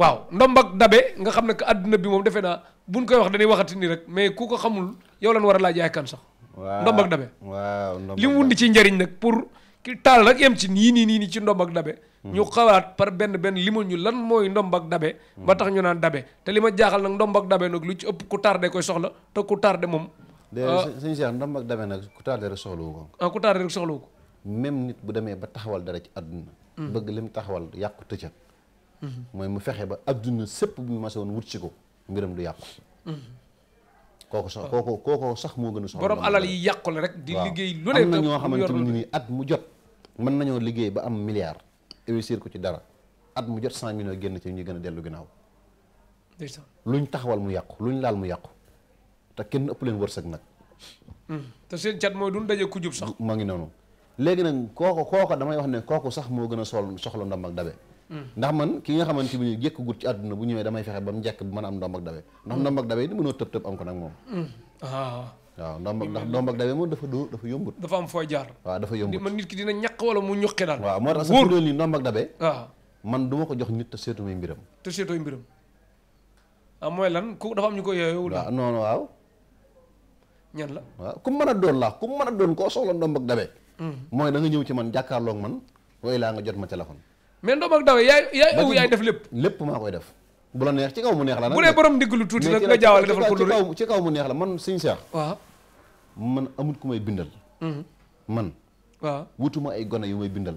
waaw ndombak dabe nga xam ne que àdduna bi moom defe naa bu buñ koy wax dañuy waxati nii rek mais ku ko xamul yow lan war a laaj yaay kan sax waaw ndombak dabe waaw li mu wundi ci njariñ nag pour ki taal rek yem ci nii nii nii nii ci ndombak dabe ñu xawaat par benn benn limal ñu lan mooy ndomb ak dabe ba tax ñu naan dabe te li ma jaaxal nag ndomb ak dabe nag lu ci ëpp ku tardé koy soxla te ku tardé moom suñu ah, seex ndomb ak dabe nag ku tardé rek soxlawu ko ah ku ko même nit bu demee ba taxawal dara ci àdduna mm. bëgg lim taxawal yàqu tëcca mm-hmm. mooy mu fexe ba àdduna sëpp bu ma woon wut si ko mbiram du yàqu mm-hmm. kooko sax kooko sax moo gën a soxla borom alal yi yàqule rek di liggéey lu ne am na mu jot mën nañoo liggéey ba am milliard investir ko ci dara at mu jot cent millions génn ci ñuy gën a dellu ginnaaw luñ taxawal mu yàqu luñ laal mu yàqu te kenn ëpp leen wërsëg nag hmm. te seen cat mooy duñ daje ku jub sax maa ngi noonu léegi nag kooku kooku damay wax ne kooku sax moo gën a sol soxla ndam ak dabe hmm. ndax man ki nga xamante bi ñu jekk gut ci àdduna bu ñëwee damay fexe ba mu jekk bu mën a am ndam ak dabe ndax hmm. ndam ak dabe ni mënoo tëb tëb am ko nag moom ah. waaw ndomb ndax ndomb ak dawe moom dafa du dafa yombut dafa am fooy jaar waaw dafa yombut man nit ki dina ñaq wala mu ñuqi daal waaw moo tax sax doon nii ndomb ak dabe waaw ah. man du ma ko jox nit te seetu muy mbiram te seetooy mbiram ah mooy lan ku dafa am ñu ko yooyowul waaw noonu waaw ñan la waaw ku mën a doon laa ku mën a doon koo soxla ndomb ak dabe hmm. mooy da nga ñëw ci man jàkkaarloog man way laa nga jot ma téléphone mais ndomb ak dawe yaay yaay ëw yaay def lépp lépp maa koy def bu la neex ci kaw mu neex la nag bu dee borom ndigg lu tuuti nag nga jaawale defal ko lu ci kaw mu neex la man sincère waaw man amul ku may bindal. Mhm. man. waaw wutuma ay gone yu may bindal.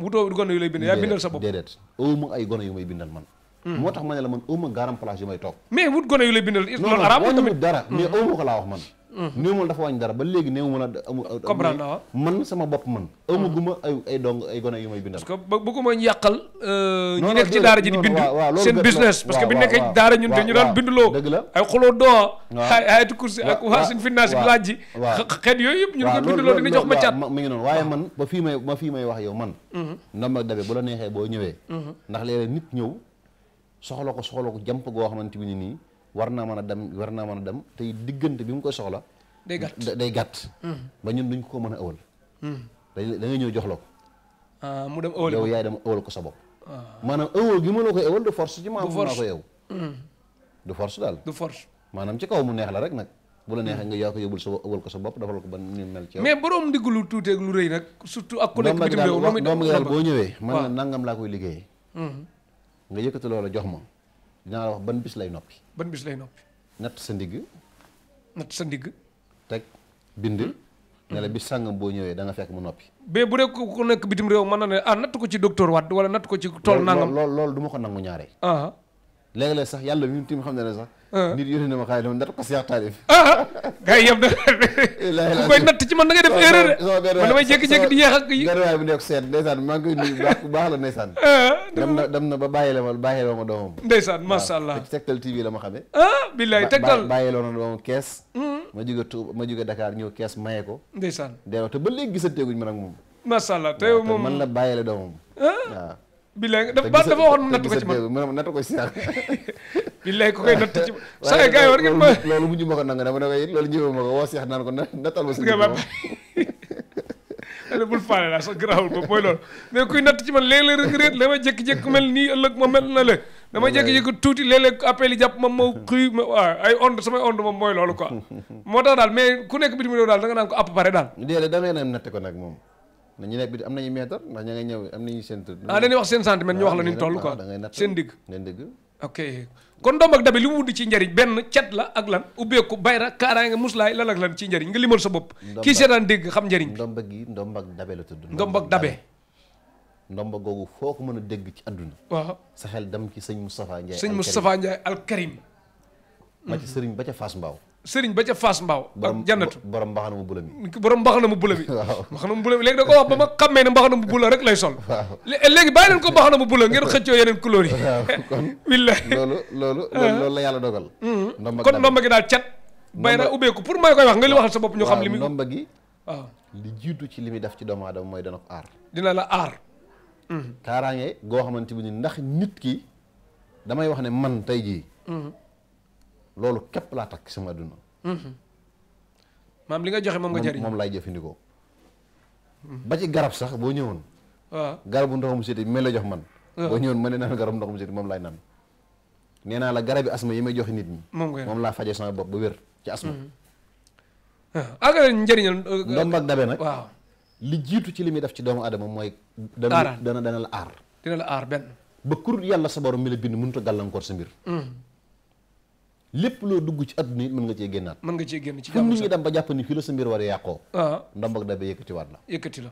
wutoo gone yu lay bindal yaa bindal sa bopp déedéet déedéet ay gone yu may bindal man. Mhm. moo tax ma ne la man awma garam place yu may toog. mais wut gone yu lay bindal. loolu arabe tamit dara mais mhm. awma ko laa wax man. Mhm. néew ma dafa wàññi dara ba léegi néew ma la amul comprendre waaw man sama bopp man amaguma mhm. ay ay dong ay gone yu may bindal parce que bëgguma ñu yàqal euh, ñi nekk ci daara ji di bind seen business parce que bi nekkee daara ñun dañu daan bindloo dëgg la ay xuloo doo a ayatu kursi ak waa seen finance bi laaj ji xeet yooyu yëpp ñu ko bindloo dina jox ma man ba fii may wax yow man mhm. ndam ak dabe bu la neexee boo ñëwee ndax léeg nit ñëw soxla ko soxla ko jàmp goo xamante bi nii war naa mën a dem war naa mën a dem te diggante bi mu koy soxla. day gàtt day gàtt. Hmm. ba ñun duñ ko mën a ëwal. Hmm. da ngay ñëw jox la ko. Ah, mu dem ëwal yow yaay dem ëwal ko sa bopp. Ah. maanaam ëwal gi ma la koy ëwal du force ci maam maa ko yow. Hmm. du daal du maanaam ci kaw mu neex la rek nag. bu la neexee nga yaa ko yóbbul sa ëwal ko sa bopp defal ko ba ni mel ci yow. mais borom ndigg lu tuuteeg lu rëy nag. surtout ak ku nekk bitim réew moom boo ñëwee. man nangam laa koy liggéeyee. nga yëkkati loola jox ma. dinaa wax ban bis lay noppi. ban bis lay noppi. natt sa ndigg. natt sa ndigg. teg bind. Hmm? ne la bis sàngam boo ñëwee danga nga fekk mu noppi. mais bu dee ku nekk bitim réew mën na ne ah natt ko ci docteur Wade wala natt ko ci. tool nangam lool lool du ma ko nangu ñaare. Ah. léeg-léeg sax yàlla mi tamit xam ne ne sax nit yónnee na ma xaalis dama ndar ko Cheikh Taarif ah gars yi yëpp ci man da ngay def erreur man damay jékki-jékki di yeex ak yi bu baax bu baax la ndeysaan na dem na ba bàyyi la ma bàyyi la ma doomam ndeysaan masha Allah ci Tektal TV la ma xamee ah billaay Tektal bàyyi la ma doomam kees ma jóge Touba ma jóge Dakar ñëw kees maye ko ndeysaan delloo te ba léegi gisanteeguñ man ak moom masha Allah te moom man la bàyyi la doomam waaw billaay dafa dafa waxoon nattu ko ci man nattu ko ci sax billaay ko koy natt ci sa ay gars yi war ma loolu ko nanga dama ne ko it loolu ñëwee ma ko woo seex naan ko nattal ma si nga bàyyi bul faale kuy natt ci man léeg-léeg rek réet dama jékki-jékki mel nii ëllëg ma mel na la dama jékki-jékki tuuti léeg jàpp ma ma xuy ma waaw ay moom mooy loolu quoi moo tax daal mais ku nekk bitim réew daal app pare daal déedéet na natt ko nag moom nañu ne bi am nañu meetar ndax ña ngay ñëw am nañu seen tëdd ah dañuy wax seen centimètre ñu wax la ni toll quoi ah, seen digg seen digg ok kon ndombak dabi li mu ci njariñ benn cet la ak lan ubbeeku bayra kaaraange muslaay lan ak lan ci njariñ nga limal sa bopp kii seetaan dégg xam njariñ bi ndombak gi ndombak dabe la tudd ndombak dabe ndomba googu foo ko mën a dégg ci àdduna waaw sa xel dem ci sëñ Moustapha Ndiaye sëñ Moustapha Ndiaye Al Karim ba ci sëriñ ba ca Fass Mbao sëriñ ba ca Fass Mbao ak jannatu borom mbaxana mu bula mi borom mbaxana mu bula mi mbaxana mu bula mi léegi da ko wax ba ma xammee ne mbaxana mu bula rek lay sol léegi bàyyi leen ko mbaxana mu bula ngeen xëccoo yeneen couleur yi kon willa loolu loolu ah. loolu la yàlla dogal mm-hmm. kon ndomba gi daal cat bay na ubbeeku pour may koy wax nga li waxal sa bopp ñu xam li jiitu ci li muy def ci doomu aadama mooy dana ko aar la aar mm-hmm. kaaraange goo xamante bi ni ndax nit ki damay wax ne man tey jii mm-hmm. loolu képp laa takk sama adduna. Mm-hmm. maam li nga joxe moom nga jëriñ moom laay jëfandikoo. Mm-hmm. ba ci garab sax boo ñëwoon. waaw ah. garabu mu siti mel la jox man. Ah. boo ñëwoon ma ne naan garabu ndoxum siti moom laay naan. nee naa la garabi asma yi may joxe nit ñi. moom laa fajee sama bopp ba wér ci asma. Mm-hmm. ah nga leen njëriñal. Uh, uh, ndomb ak dabe nag li jiitu ci li muy def ci doomu aadama mooy. dana dana la aar. dina la aar benn. ba kur yàlla sa borom mi la bind mënut a gàllankoor sa mbir. lépp loo dugg ci àdduna yi mën nga cee génnaat man nga cee génn ci jàmm nit ñi dem ba a yàqoo waaw da ba yëkkati waat la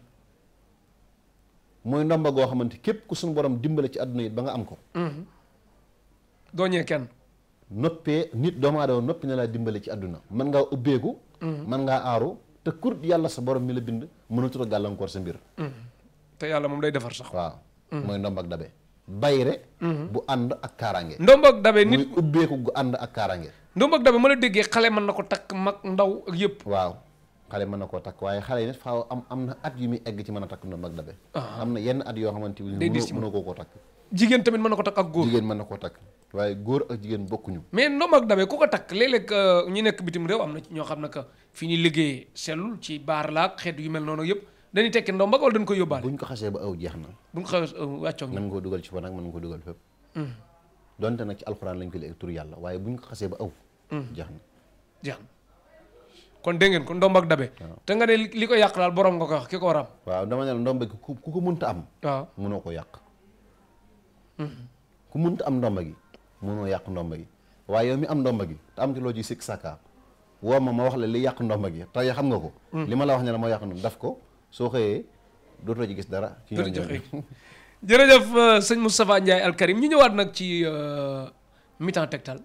mooy ndomba goo xamante képp ku suñu borom dimbale ci adduna yi ba nga am ko mhm. dooñee kenn noppee nit doomu aadama noppi na laa dimbale ci àdduna mën ngaa ubbeeku mhm. mën ngaa aaru te kur yàlla sa borom mi la bind mënatul a gàllankoor sa mbir mhm. te yàlla moom day defar sax waaw mooy ndombag dabe bayre mhm. bu ànd ak kaaraange. ndomboog dabe nit muy ubbeeku gu ànd ak kaaraange. ndomboog dabe ma la déggee xale mën na ko takk mag ndaw ak yëpp. waaw xale mën na koo takk waaye xale yi nag faaw am am na at yu muy egg ci mën a takk ndomboog dabe. Ah. am na yenn at yoo xamante ni. day dis mënoo koo koo takk. jigéen tamit mën na ko takk ak góor jigéen mën na koo takk waaye góor ak jigéen bokkuñu. mais ndoom ak dabe ku ko takk léeg-léeg euh, ñi nekk bitim réew am na ñoo xam ne que fi ñuy liggéeyee sellul ci baar laak xeet yu mel noonu yëpp dañuy tekki ndomba ba wala dañ ko yóbbaale. buñ ko xasee aw jeex na. buñ ko xasee wàccoog mën nga ci fa nag ko dugal fépp. Mm. donte nag ci alxuraan lañ koy lekk tur yàlla waaye buñ ko xasee ba aw. Mm. jeex na jeex na kon dégg ngeen ko ndomb ak dabe. te nga ne li ko yàq daal borom nga ko wax ki ko war am. waaw dama ne la ndomb gi ku ko mun ta am. waaw mënoo ko yàq. Mm. ku mënta am ndomba gi mënoo yàq ndomba gi waaye yow mi am ndomba gi te am ci loo ci sikk sàkka woo ma ma wax la li yàq ndomba gi te xam nga ko. li ma la wax ne la moo yàq ndomba daf ko. soo xëyee dootoo ci gis dara. ci ñoom jërëjëf euh, sëñ Moustapha Ndiaye alkarim ñu ñëwaat nag ci euh, mi-temps Tektal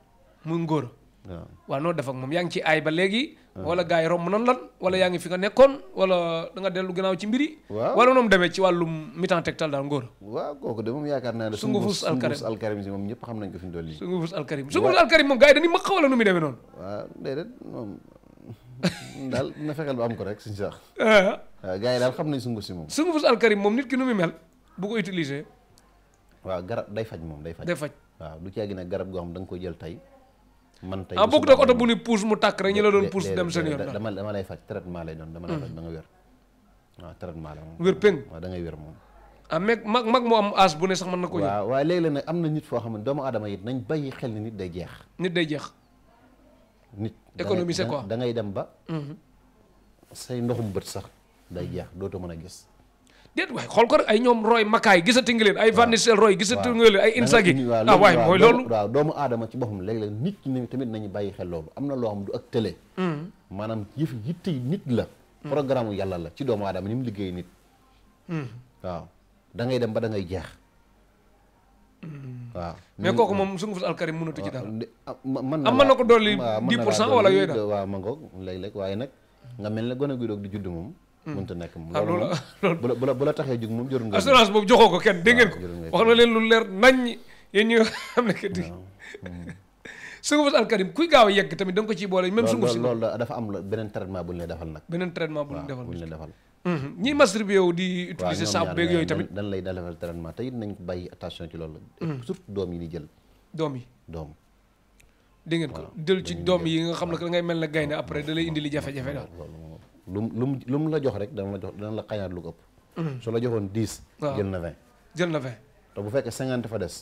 muy ngóor. waaw waaw noo def ak moom yaa ngi ci aay ba léegi. wala gars yi yaa ngi fi nga nekkoon wala da nga dellu gannaaw ci mbir yi. waaw demee ci wàllum mi-temps Tektal daal ngóor. waaw kooku de moom yaakaar naa sungufus alkarim sungufus alkarim moom ñëpp xam nañ ko fi ñu dolli. sungufus alkarim sungufus nu muy demee noonu. daal na fexeel ba am ko rek suñu sax. Eh. waaw gars yi daal xam nañ sunguf si moom. sunguf si alkarim moom nit ki nu muy mel bu ko utiliser. waaw garab day faj moom day faj. day faj waaw du caa gi garab goo xam da nga ko jël tey. man tey ah bokkut ak oto bu ni rek ñi la doon puus dem seen yoon dama dama lay faj traitement lay doon dama lay faj da nga wér. waaw moom. wér peng waaw da wér moom. ah mag mag moo am as bu ne sax mën na ko. waaw waaye léeg-léeg nag am na nit foo xam ne doomu aadama yi nañ bàyyi xel ni nit jeex. nit day jeex. nit économiser quoi da ngay dem ba. Mhm. say ndoxum bët sax day jeex dootoo mën a gis. déet waay ko rek ay ñoom roy makaay gisati nga leen ay Van Nistelrooy gisati nga leen ay Inzaghi ah waay mooy loolu waaw doomu aadama ci boppam léeg-léeg nit ñi tamit nañu bàyyi xel loolu am na loo ak télé mhm. maanaam yëf yitte la mhm. programme yàlla la ci doomu aadama ni mu liggéey nit waaw da dem ba da ngay jeex waaw mais kooku moom sunguf alkarim mënatu ci dara. Ah, man na am na ko dolli 10 pour cent wala yooyu daal waaw ma ngoog léeg-léeg waaye nag nga mel ne gone guy doog di judd moom hmm. mënta nekk moom ah, loolu bu la bu la bu la taxee jug moom jorul nga assurance boobu joxoo ko kenn dégg ngeen ko wax na leen lu leer naññ yéen ñi nga xam ne kat hmm. sungufus alkarim kuy gaaw a yegg tamit da nga ko ciy boole même sunguf si loolu dafa am beneen traitement bu ñu defal nag beneen traitement bu ñu defal Mm-hmm. ñiy masturber wu di. utiliser saabu beeg yooyu tamit dan lay defal traitement te it nañ ko bàyyi attention ci loolu. Mm-hmm. surtout doom yi ni jël. doom yi doom. di ngeen ko jël ci doom yi nga xam ne da ngay mel ne gaynde après da lay indi li jafe-jafe daal. lu mu la jox rek dana la jox dana la xañaat ko ëpp. Mm-hmm. su la joxoon dix. jël na vingt jël na vingt. te bu fekkee cinquante fa des.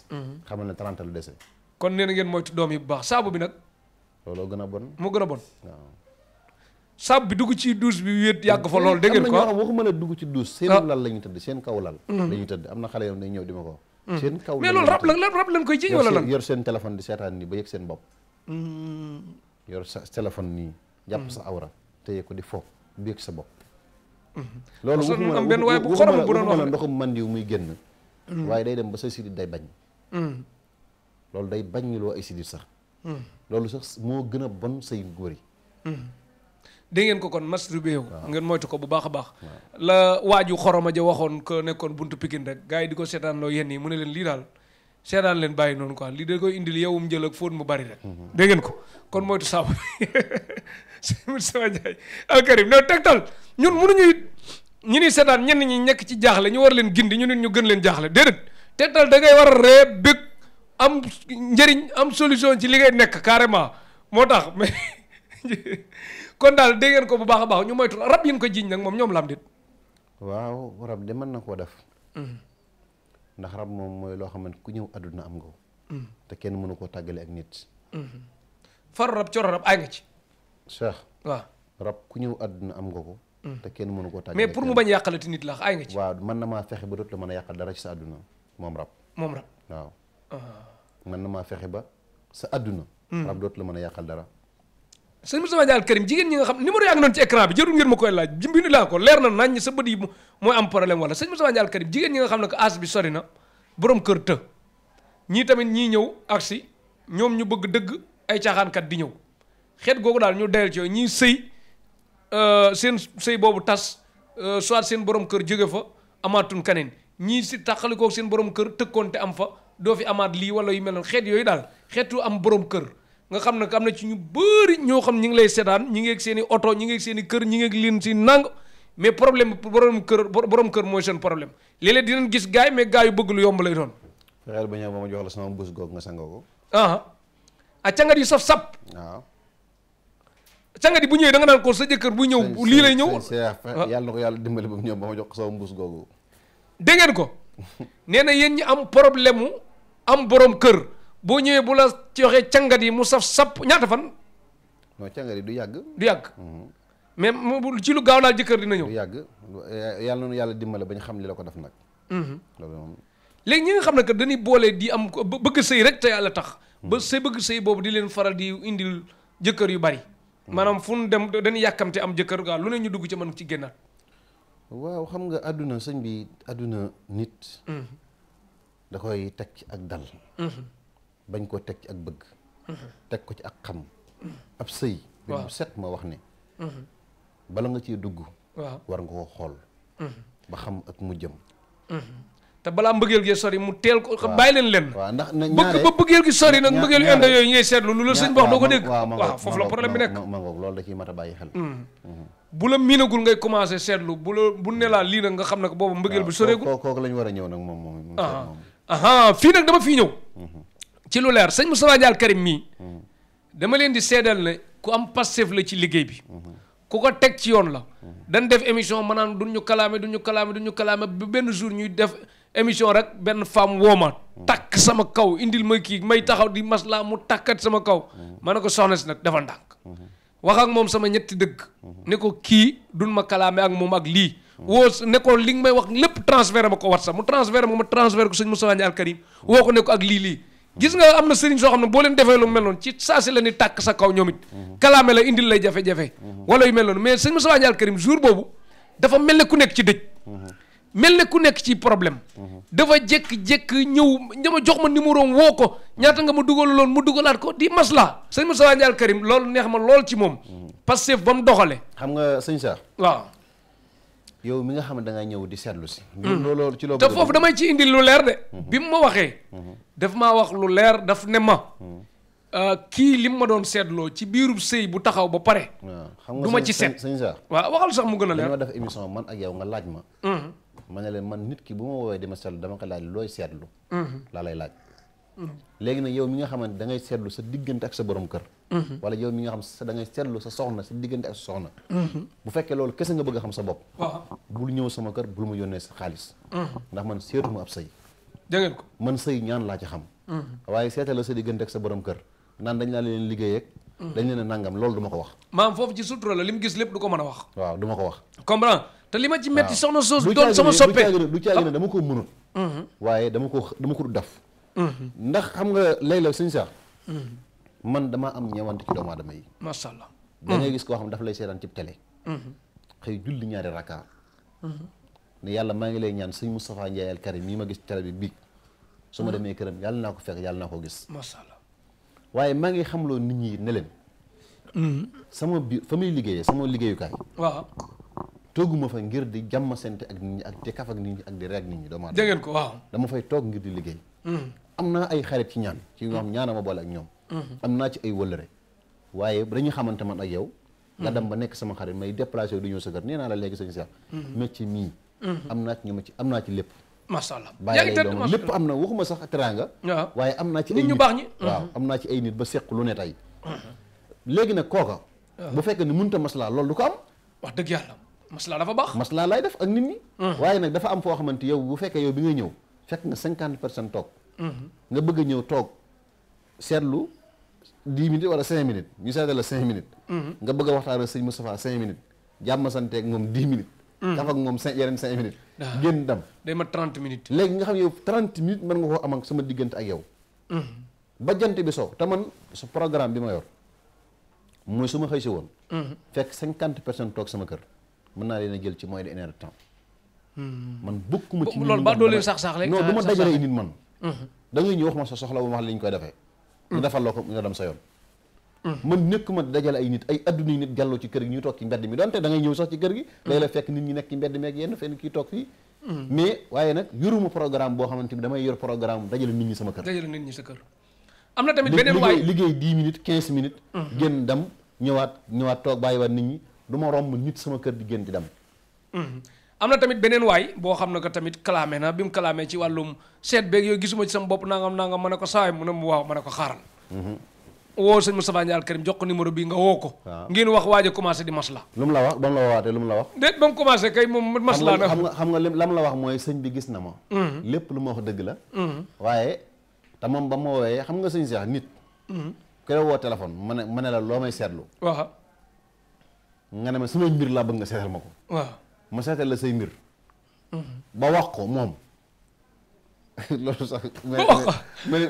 xamal ne trente la dese. kon nee na mooy moytu doom yi bu baax saabu bi nag. looloo gën a bon moo gën a bon sab bi dugg ci douche bi wéet yàgg fa lool. dégg ngeen ko am na ñoo xam waxuma la dugg ci douche. seen ah. lal ñuy tëdd seen kaw lal. Mm. Mm. la ñuy tëdd am na xale ko. Mm. seen kaw mais loolu rab la rab lañ koy jiñ wala sa téléphone nii. jàpp sa awra téye di fo sa bopp. Mm-hmm. loolu waxuma am benn waaye bu xorom bu doon wax muy génn. waaye day dem ba sa sidit day bañ. loolu day bañ loo ay sidit sax. loolu sax moo gën a bon say góor yi da ngeen ko kon masturbé wu ngeen moytu ko bu baax a baax la waaju xoroma ja waxoon ko nekkoon buntu Pikine rek gaa yi di ko seetaan loo yenn yi mu ne leen lii daal seetaan leen bàyyi noonu quoi lii da koy indil yowum jël ak fóot mu bari rek mhm. dégg ngeen ko kon moytu saabu sëñ sama Ndiaye alkarim no tegtal ñun mënuñu ñu ni seetaan ñenn ñi nekk ci jaaxle ñu war leen gindi ñu nit ñu gën leen jaaxle déedéet tegtal da ngay war a ree bëgg am njëriñ am solution ci li ngay nekk carrément moo tax mais kon daal dégg ko bu baax a baax ñu moytu rab yi ñu ko jiiñ nag moom ñoom lam dit waaw rab de mën na koo def mm-hmm. ndax rab moom mooy loo xamante ku ñëw àdduna am nga mm-hmm. te kenn mënu koo tàggale ak nit mm-hmm. far rab coro rab ay nga ci cheikh waaw ku ñëw àdduna am nga ko te kenn mënu koo tàggale pour mu bañ yàqalati nit la ay nga ci waaw mën na maa fexe ba dootu la a yàqal dara ci sa àdduna moom rab moom rab waaw ah. mën na maa fexe ba sa àdduna rab dootu la mën a yàqal dara sëñ Moustapha Dial Karim jigéen ñi nga xam numéro yaa ngi noonu ci écran bi jërul ngeen ma koy laaj bind laa ko leer na nañ sa bët yi mooy am problème wala sëñ Moustapha Dial Karim jigéen ñi nga xam ne que as bi sori na borom kër të ñii tamit ñii ñëw aksi ñoom ñu bëgg dëgg ay caaxaankat di ñëw xeet googu daal ñu dayal ci yooyu ñii sëy euh, seen sëy boobu tas euh, soit seen borom kër jóge fa amaatun kaneen ñii si tàqalikoo seen borom kër tëkkoonte am fa doo fi amaat lii wala yu mel xeet yooyu daal xeetu am borom kër nga xam ne am na ci ñu bëri ñoo xam ñi ngi lay seetaan ñu ngi ak seen i oto ñu ngi ak seen kër ñi ngi ak leen si nang mais problème borom kër borom kër mooy seen problème léeg-léeg dinañ gis gaay mais gaay yu bëgg lu yomb lay doon. fexeel ba ñëw ba ma jox la sama mbuus googu nga ah. ah, cangat yu saf sap. waaw. cangat bu ñëwee da nga naan ko sa jëkkër bu ñëw. lii lay ñëw ah. yàlla na ko yàlla dimbali ba ñëw ba ma jox ko sama mbuus googu. dégg ko nee na yéen ñi am problème mu am borom kër boo ñëwee bu la ci joxee càngat yi mu saf sap ñaata fan. non càngat yi du yàgg. du yàgg. Mm-hmm. mais mu ci lu gaaw daal jëkkër dina ñëw. du yàgg yàlla noonu yàlla dimbale ba ñu xam li la ko def nag. Mm-hmm. loolu léegi ñi nga xam ne que dañuy boole di am bëgg sëy rek te yàlla tax. Mm-hmm. ba sa bëgg sëy boobu di leen faral di indil jëkkër yu bari. maanaam fu dem dañuy yàkkamte am jëkkër gaa lu ne ñu dugg ci man ci génnaat. waaw xam nga àdduna sëñ bi àdduna nit. da koy teg ak dal. bañ koo teg ci ak bëgg mhm. teg ko ci ak xam mhm. ab sëy bi bu set ma wax ne mhm. bala nga cee dugg waaw war nga koo xool ba xam ak mu jëm te balaa mbëggeel gi sori mu teel ko bàyyi leen leen waaw ndax bëgg ba bëggeel sori nag mbëggeel yu inde yooyu ngay seetlu lu la sëñ bi wax doo ko dégg waaw foofu la problème bi nekk ma ngoog loolu da ciy mat a bàyyi xel bu la miinagul ngay commencé seetlu bu la bu ne laa lii nag nga xam ne ko boobu mbëggeel bi soreegul kooku lañ ñu war a ñëw nag moom moom ah. aha fii nag dafa fii ñëw ci lu leer sëñ Moustapha Dial Karim mii hmm. dama leen di seedal ne ku am Pastef la ci liggéey bi hmm. ku ko teg ci yoon la hmm. dañ def émission maanaam duñ ñu kalaame duñ ñu kalaame duñ ñu kalaame ba benn jour ñuy def émission rek benn femme woo ma takk sama kaw indil ma kii may taxaw di maslaa mu takkat sama kaw ma ne ko soxna si nag defa ndànk wax ak moom sama ñetti dëkk ne ko kii duñ ma kalaame ak moom ak lii woo ne ko li nga may wax lépp transféré ma ko WhatsApp mu transféré ma ma transféré ko sëñ Moustapha Ndiaye Al Karim ko ne ko ak lii gis nga am na sëriñ soo xam ne boo leen defee lu mel noonu ci saa si la ni tàkk sa kaw ñoom it mhm. kalaame la indi lay jafe-jafe mhm. wala yu mel noonu mais sëñ Moustapha Ndiaye jour boobu dafa mel ne ku nekk ci dëj mhm. mel ne ku nekk ci problème dafa jékk-jékk ñëw dama jox ma numéro am woo ko ñaata nga ma dugal loon mu dugalaat ko di masla sëñ Moustapha Ndiaye Karim loolu neex ma lool ci moom Pastef ba mu doxale xam nga sëñ Cheikh waaw yow mi nga xam ne da ñëw di seetlu si. loolu ci loo te foofu damay ci indi lu leer de. Mhm. bi mu ma waxee. Mhm. daf maa wax lu leer daf ne ma. Mhm. Euh, kii li mu ma doon seetloo ci biirub sëy bu taxaw ba pare. du ma ci seet xam nga waaw waxal sax mu gën a leer. man ak yow nga laaj ma. ma ne leen man nit ki bu ma woowee di ma seetlu dama ko laaj looy seetlu. laa lay laaj. léegi nag yow mi nga xamante da ngay sa diggante ak sa borom kër mhm. wala yow mi nga xam sa da ngay seetlu sa soxna sa diggante ak sa soxna mhm. bu fekkee loolu kese nga a xam sa bopp bul ñëw sama kër bul ma sa xaalis mhm. ndax man seetuma ab sëy dégg sa diggante sa borom kër naan dañ laa leen liggéey ak dañ leen a nangam loolu du ma ko wax li mu gis lépp du ko mën a wax waaw du ma li ma ci métti soxna soos doon sama soppee du caagi ne ah. dama ko mënut waaye dama ko dama daf Mm-hmm. ndax xam nga léeg-léeg suñu mm-hmm. man damaa am ñeewante ci doomu aadama yi. macha mm-hmm. gis koo xam ne dafa lay seetaan ci télé. xëy julli ñaari rakka. yàlla maa ngi lay ñaan sëñ Moustapha Ndiaye al Karim mii ma gis télé bi biig su ma demee këram yàlla naa ko fekk yàlla naa ko gis. macha waaye maa ngi xamloo nit ñi ne leen. sama bi fa muy liggéeyee sama liggéeyukaay. waaw. tooguma fa ngir di jàmmasante ak ak di kaf ak nit ñi ak di reeg nit ko waaw. dama fay toog ngir di liggéey. am naa ay xarit ci ñaan ci ñoom ñaana ma boole ak ñoom am naa ci ay wëllëre waaye dañuy xamante man ak yow nga dem ba nekk sama xarit may déplacé du ñëw sa nee naa la léegi sañu seex métier mii am naa ci ñu ma ci am naa ci lépp macha allah bàyyi doom lépp am na waxuma sax teraanga waaye am naa ci ay nit ñu baax ñi am naa ci ay nit ba seq lu ne tey léegi nag kooka bu fekkee ne mënta maslaa loolu du ko am wax dëgg yàlla maslaa dafa baax maslaa lay def ak nit ñi hmm. waaye nag dafa am foo xamante yow bu fekkee yow bi ngay ñëw fekk nga cinquante personnes toog nga bëgg a ñëw toog seetlu dix minutes wala cinq minutes ñu seetal la cinq minutes. nga bëgg a waxtaan ak sëñ Moustapha cinq minutes jàmm santeeg moom dix minutes. ak moom cinq yeneen cinq minutes. Ah. génn dem ma trente minutes. léegi nga xam yow trente minutes man nga koo am ak sama diggante ak yow. ba jant bi sow te man su programme bi ma yor mooy su ma xëy si woon. fekk cinquante personnes toog sama kër mën naa leen a jël ci moyen d'une heure de temps. Hmm. man bokkuma ci. loolu ba doo leen sax sax rek non ah, du ma dajalee nit man. da ngay ñëw wax ma sa soxla bu ma xam li ñu koy defee ñu defal loo ko nga dem sa yoon man nekk ma dajale ay nit ay adduna yi nit gàlloo ci kër gi ñuy toog ci mbedd mi donte da ngay ñëw sax ci kër gi léeg-léeg fekk nit ñi nekk ci mbedd meeg yenn fenn kii toog fii mais waaye nag yoruma programme boo xamante ni damay yor programme dajale nit ñi sama kër liggéey dix minutes quinze minutes génn dem ñëwaat ñëwaat toog bàyyiwaat nit ñi du romb nit sama kër di génn di dem mm-hmm. am na tamit beneen waay boo xam ne que tamit clamé na bi mu clamé ci wàllum seet beeg yooyu gisuma ci sama bopp nangam nangam ma ne ko saay mu ne mu waaw ma ko xaaral mhm. woo sëñ Moustapha Ndiaye Al Karim jox ko numéro bii nga woo ko ngeen wax waaj a commencé di masla lu mu la wax ba mu la wawaatee lu mu la wax déet ba mu commencé kay moom masla na xam nga xam nga lam la wax mooy sëñ bi gis na ma mhm. lépp ma wax dëgg la mhm. waaye te moom ba ma woowee xam nga sëñ Cheikh ma ne ma la loo may seetlu waaw nga ne ma sama mbir laa bëgg nga seetal ma ko ma seetal la say mbir. ba wax ko moom. loolu sax. ma wax ko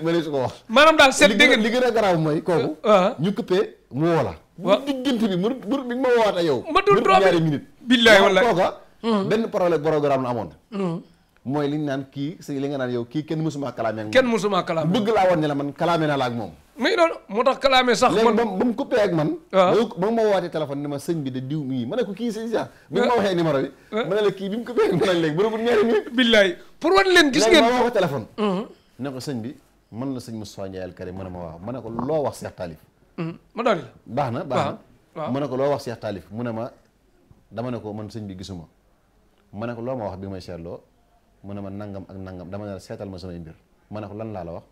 mais su ko wax. maanaam daal seet dégg li gën a garaaw mooy kooku. Uh-huh. Uh-huh. ñu këppee mu woo la. waaw diggante bi mën mën bi ma woowaat ak yow. ma dul trop ñaari minute. billaay wallaay kooka. Mm-hmm. benn problème programme la amoon. Mm-hmm. mooy li ñu naan kii si li nga naan yow kii kenn mësuma kalaamee ak moom. kenn mësuma kalaamee bëgg laa woon ne la man kalaamee naa la ak moom. mais loolu moo tax kalaame sax. man léegi ba mu coupé ak man. waaw ah. ba ni ma sëñ bi de diw mii ma ne ko kii sëñ bi ma ah. waxee numéro bi. Ah. kii bi mu coupé ak man léegi bu doon ñaari minute. billaay pour ko téléphone. Mhm. sëñ bi man la sëñ Moustapha Ndiaye Alkarim ma ne ma waaw ma ne ko loo wax Cheikh Talif. Mhm. ma doon baax na baax ma ne ko loo wax Cheikh Talif mu ne ma dama ne ko man sëñ bi gisuma ma ne ko loo ma wax bi may seetloo mu ne ma nangam ak nangam dama ne seetal ma samay mbir ma ne ko lan laa la wax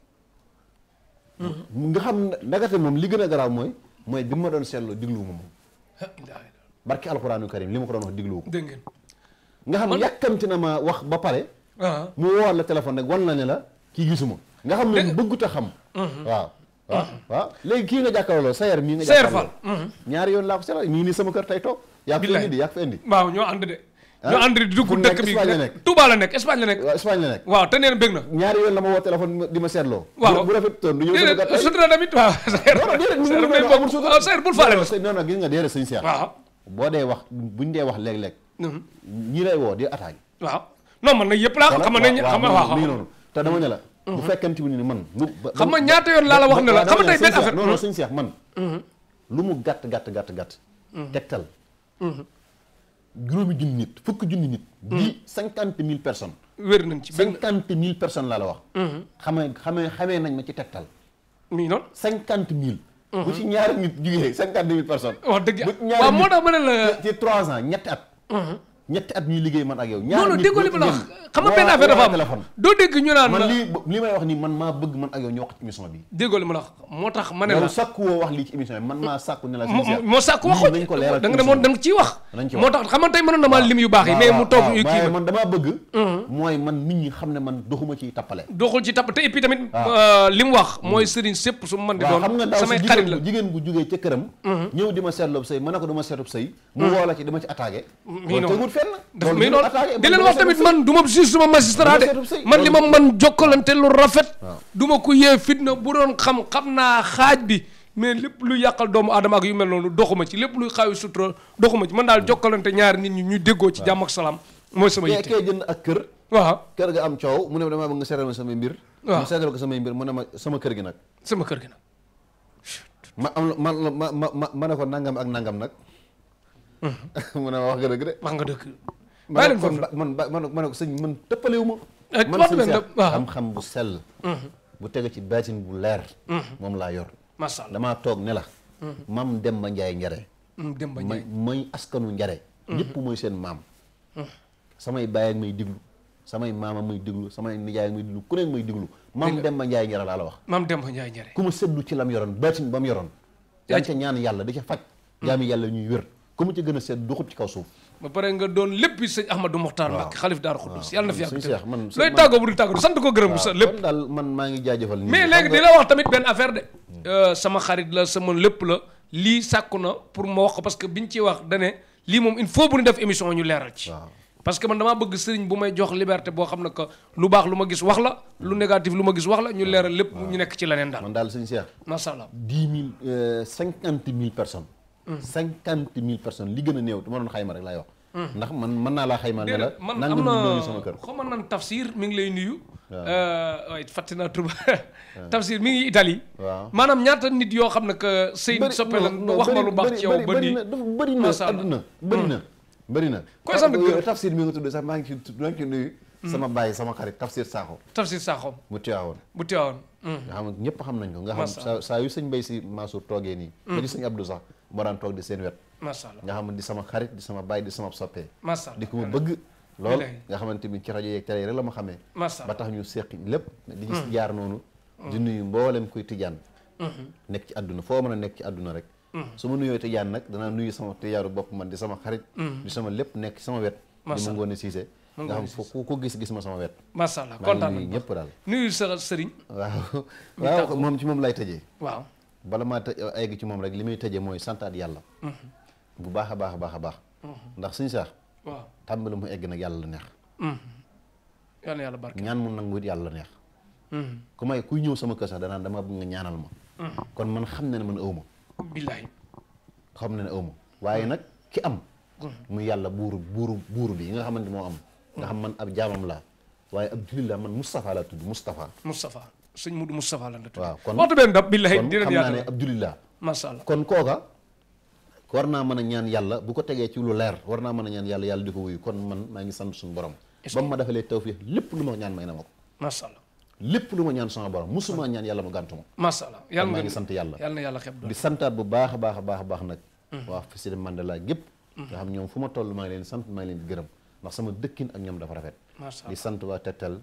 nga xam ndagate moom li gën a garaaw mooy mooy bi ma doon seetloo digluwu ma moom barki alxuraanu karim li ma ko doon wax digluwu ko dégg ngeen nga xam yàkkamti na ma wax ba pare ah. mu woo la téléphone rek wan na ne la kii gisuma nga xam ne bëggut a xam mhm. waaw waaw mhm. waaw léegi kii nga jàkkaarloo Sayer mii nga jàkkaarloo Sayer mhm. Fall ñaari yoon laa ko seetal mii nii sama kër tey toog yaa ko fi indi yaa ko fi ñu ah? ànd nekk Espagne la nekk waaw Espagne la nekk waaw te nee na bëgg na ñaari yoon la ma woo téléphone gis nga déedéet sëñ Cheikh waaw boo dee wax buñ dee wax léeg-léeg mhm. ñi lay woo di attaque waaw non man na yëpp laa xam nañ xam nga waaw mi noonu te dama ne la bu mhm. fekkente ni man lu xam nga ñaata yoon la wax ne la xam nga tey benn affaire non mhm. lu mu gàtt gat gat gàtt tegtal juróomi junni nit fukki junni nit. Hmm. di cinquante mille personnes. wér nañ ci benn cinquante mille personnes laa la wax. Hmm. xamee xamee xamee nañ ma ci tegtal. muy noonu cinquante mille. Hmm. bu ci ñaari nit jugee cinquante mille personnes. wax dëgg waaw moo tax ma ne la ci trois ans ñetti at. ñetti at ñuy liggéey man ak yow. ñaar non non déggoo li ma la man lii may wax nii man maa bëgg man ak yow ñu wax ci émission bi. déggoo li ma la wax moo tax ma ne man maa sàkku da nga demoon dañ ciy wax. dañ ciy wax moo tax xam nga tey mënoon lim yu baax yi. mais mu toog yu kii man damaa bëgg. Mm-hmm. mooy man nit ñi xam ne man doxuma ci tappale. doxul ci tapp te et tamit. Ah. Euh, li wax mooy mm-hmm. sëriñ sépp su man di doon samay xarit la jigéen bu jugee ca këram mm-hmm. ñëw di ma seetloob sëy ma ne ko dama seetloob sëy mu woo ci dama ci attaqué fenn. loolu mi noonu di leen wax tamit man du ma juge du ma magistrat de man li ma man jokkalante lu rafet. du ma ko yee fitna bu doon xam xam naa xaaj bi. mais lépp lu yàqal doomu aadama ak yu mel noonu doxuma ci lépp luy xaawi sutura doxuma ci man daal jokkalante ñaari nit ñi ñu déggoo ci jàmm ak salaam mooy sama yitte kay jënd ak kër waaw kër ga am coow mu ne damaa bëgg nga seetal ma samay mbir waaw mu ko samay mbir mu ne ma sama kër gi nag sama kër gi nag ma am ma ma ma ma ne ko nangam ak nangam nag Mm-hmm. mu ne wax nga dëgg de. wax nga dëgg. bàyyi leen foofu man ba man man eh, sëñ man tëppalewu ma. man sëñ Cheikh xam-xam bu sell. Mm-hmm. bu tege ci baatin bu leer. Mm-hmm. moom laa yor. macha allah damaa toog ne la. mam Demba Ndiaye Njare. Mm, Demba Ndiaye mooy askanu Njare. ñëpp mooy seen maam. samay baay ak may diglu samay maama may diglu samay nijaay may diglu ku ne may diglu. mam Demba Ndiaye Njare laa la wax. mam Demba Ndiaye Njare. ku ma seddu ci lam yoroon baatin ba mu yoroon. yaa ca ñaan yàlla di ca faj. Mm. jaami yàlla ñuy wér. ku mu ci gën a seet du xub ci kaw suuf ba pare nga doon lépp sëñ Ahmadou Mokhtar Mbacké xalif Daaru Xuddus yàlla na fi yàgg looy tàggoo bu dul tàggoo sant ko gërëm sa lépp maa ngi jaajëfal mais léegi di la wax tamit benn affaire euh, xarit la sama lépp la lii sàkku na pour ma wax parce que bi biñ ciy wax dane lii moom il faut bu ñu def émission ñu leeral ci parce que man damaa bëgg sëriñ bu may jox liberté boo xam ne que lu baax lu ma gis wax la lu négatif lu ma gis wax la ñu leeral lépp ñu nekk ci leneen daal man daal sëñ seex masha Allah dix mille euh, cinquante mille personnes li gën a néew dama doon xayma rek laay wax. Hmm. ndax man mën naa laa xayma ne la. man am na sama kër xaw ma naan Tafsir mi ngi lay nuyu. waaw euh, fàtte naa tur mi ngi Italie. waaw maanaam ñaata nit yoo xam ne que. sëy soppe la wax ma lu baax ci yow ba nii. bëri na àdduna na hmm. bari na. koy sama kër euh, Tafsir mi nga tudd sax maa ngi ci maa ngi hmm. sama bàyyi sama xarit Tafsir Sakho. Tafsir Sakho. bu teewoon bu teewoon. nga ñëpp xam nañ ko. nga xam saa yu sëñ Mbaye si Mansour toogee nii. ba ci sëñ Abdou sax moo daan toog di seen wet macha allah nga xam ne di sama xarit di sama baay di sama soppee macha di ko ma bëgg lool nga xamante ni ci rajo yeeg télé rek la ma xamee ba tax ñu seq lépp di gis hmm. noonu hmm. di nuyu mboolem kuy tijaan hmm. nekk ci àdduna foo mën a nekk ci àdduna rek su ma nuyoo tijaan nag danaa nuyu sama tijaaru bopp man di sama xarit di sama lépp nekk sama wet di mu ngoone siise nga xam foo ko gis gis ma sama wet macha allah kontaan nañu ñëpp daal nuyu sa sëriñ waaw waaw moom ci moom lay tëjee bala maa egg ci moom rek li may tëjee mooy santaat yàlla. bu baax a baax a baax a baax. ndax suñu saax. waaw tàmbali mu egg nag yàlla la neex. yal na yàlla barke ñaan mu nangu it yàlla la neex. Mm-hmm. ku may ku ñëw sama kër sax danaan dama bëgg nga ñaanal ma. Mm-hmm. kon man xam na ne ma. billahi xam na ne aw waaye nag ki am. Mm-hmm. mu yàlla buur buuru buuru bi nga xamante moo am. nga xam man a jaamam laa waaye ab jullit laa man Moustapha laa tudd Moustapha. sëñ Mudu Moustapha lan la tudd. waaw kon waxtu benn dab billahi dina xam naa ne Abdoulillah macha allah kon kooka war naa mën a ñaan yàlla bu ko tegee ci lu leer war naa mën a ñaan yàlla yàlla di ko wuyu kon man maa ngi sant suñu borom ba mu ma defalee tawfiix lépp lu ma ñaan may na ma ko macha lépp lu ma ñaan sama borom musuma ñaan yàlla ma gàntu ma macha allah yàlla maa ngi sant yàlla yàlla yàlla xeb di santaat bu baax a baax a baax a baax nag mm-hmm. waa Fisile Mandela gépp mm-hmm. nga xam ñoom fu ma toll maa ngi leen sant maa ngi leen gërëm ndax sama dëkkin ak ñoom dafa rafet di sant waa Tektal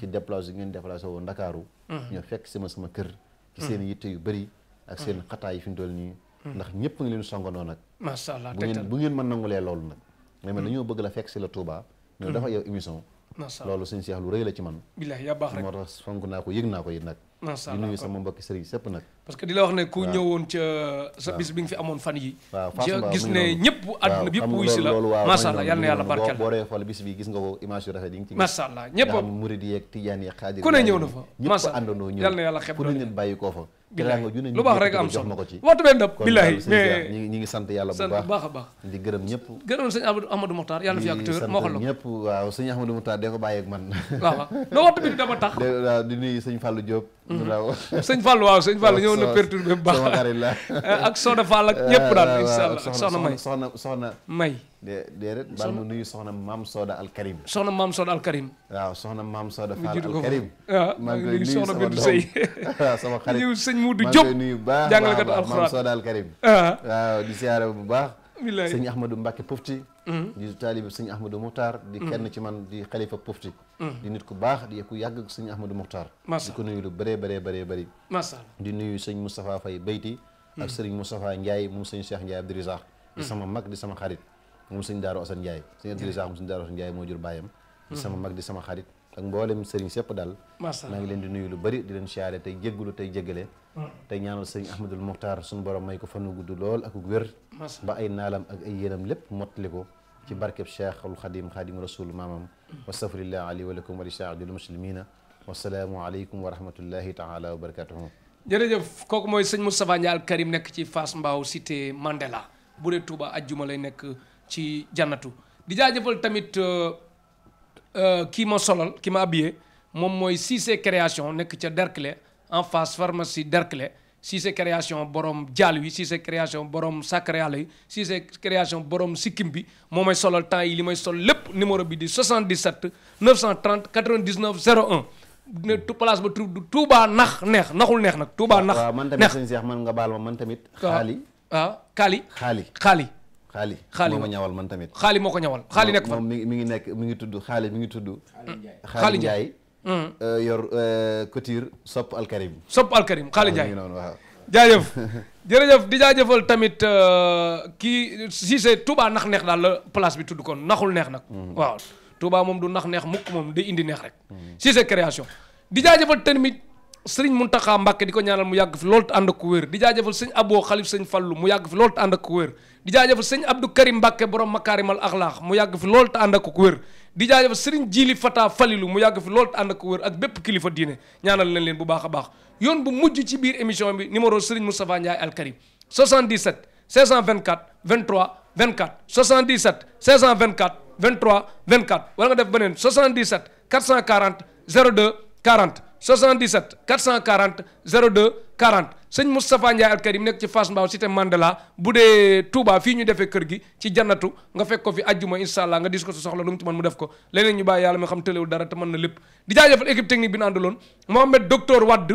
ci déplacé ngeen déplacé woo Ndakaaru mm-hmm. ñoo fekk sama sama kër ci mm-hmm. seen yitte yu bëri ak seen mm-hmm. xataa yi fi ñu toll nii ndax ñëpp ngi leen songandoo nag macha allah bu ngeen bu ngeen mën nangulee loolu nag mais man dañoo bëgg la fekk si la Touba ñoo dafa yow émission loolu suñu seex lu rëy la ci man bilaay yaa baax rek moo tax naa ko yëg naa ko yi nag macha allah di di la wax ne ko ne ñëw na fa macha allah na fi yàgg moo ko la ñëpp waaw sëñ Amadou Mokhtar de ko bàyyeeg man waaw waaw bi dama tax di nuyu sëñ Fallou Diop Mm-hmm. sëñ Fall waaw sëñ Fall ñëw na perturbé bu baax ak Soxna Fall ak ñëpp daal eh, incha allah soxna may soxna soxna may déedéet bal ma nuyu soxna maam Soda Al soxna maam Soda Al Karim waaw soxna maam Soda Fall Al Karim maa ah. ngi nuyu soxna Bintu Sey waaw sama xarit nuyu maam Soda Al waaw di siyaare bu baax sëñ Ahmadou Mbacke Pofti Mm-hmm. di taalibe sëñ Ahmadou Mouhtar di mm-hmm. kenn ci man di xalifa pufti mm-hmm. di nit ku baax di ku yàgg sëñ Ahmadou Mouhtar di ko nuyu lu bëree bëree bëree bëri di nuyu sëñ Moustapha Faye Beyti ak sëriñ Moustapha Ndiaye moom sëñ Cheikh Ndiaye Abdourisakh di sama mag di sama xarit moom sëñ Daaru Assane Ndiaye sëñ Abdourisakh moom sëñ moo jur bàyyam di sama mag sama xarit ak mboolem sëriñ sépp daal maa ngi leen di nuyu lu bëri di leen siyaare tey jéggalu tey jéggale tey ñaanal sëriñ Ahmadul Mouhtar suñu borom may ko fanu gudd lool ak wér ba ay naalam ak ay yéenam lépp mottali ko ci barkeb Cheikhul Xadim Xadim Rasul maamam wa safrillah ali walakum wa li saadil muslimina wasalaamu aleykum wa rahmatullahi taala wa barakatuhu jërëjëf kooku mooy sëñ Moustapha Ndiaye Al Karim nekk ci Fass Mbao cité Mandela bu dee Touba ajjuma lay nekk ci jannatu di jaajëfal tamit euh, euh, kii ma solal ki ma moom mooy Cissé création nekk ca Derklé en face pharmacie Derklé si sa création borom jaal wi si création borom sacré yàlla yi si création borom sikkim bi moo may solal temps yi li may sol lépp numéro bi di 77 930 99 01 ne place ba tu Touba nax neex naxul neex nag. Touba nax neex waaw man tamit sëñ Cheikh man nga baal ma kaali tamit. Ah, ah, xaali waaw xaali. xaali xaali. xaali moo ma ñawal man tamit. xaali moo ko ñawal xaali nekk fa moom mi ngi nekk mi ngi tudd xaali mi ngi tudd. xaali Ndiaye Euh, yor euh, couture sopp alkarim sopp alkarim xaali ah, Njaay noonu waaw jaajëf jërëjëf di jaajëfal tamit euh, kii Cissé Touba nax neex daal la place bi tudd kon naxul neex nag mm-hmm. waaw moom du nax neex mukk moom day indi neex rek Cissé création di jaajëfal tamit sëriñ Muntaxa Mbàkke di ko ñaanal mu yàgg fi loolu te ànd ak ku wér di jaajëfal sëñ Abo Xalif sëñ Fallu mu yàgg fi lool te ànd ak ku wér di jaajëfal sëñ Abdou Karim Mbàkke borom makaarimal axlaax mu yàgg fi loolu te ànd ak ku wér di jaajëf Serigne Jili Fata Falilu mu yàgg fi loolu ànd ak wër ak bépp kilifa diine ñaanal nañ leen bu baax a baax yoon bu mujj ci biir émission bi numéro Serigne Moustapha Ndiaye Alkarim 77 624 23 24 77 624 23 24 a nga def beneen 77 440 02 40 77 440 02 40 sëñ mu Moustapha Ndiaye alkarim nekk ci Fass Mbao cité Mandela bu dee Touba fii ñu defee kër gi ci janatu nga fekk ko fi ajjuma incha allah nga dis ko sa soxla lu mu ci mën def ko leneen ñu bàyyi yàlla mi xam tëlewul dara te mën na lépp di jaajëfal équipe technique bi ñu àndaloon Mohamed docteur Wadd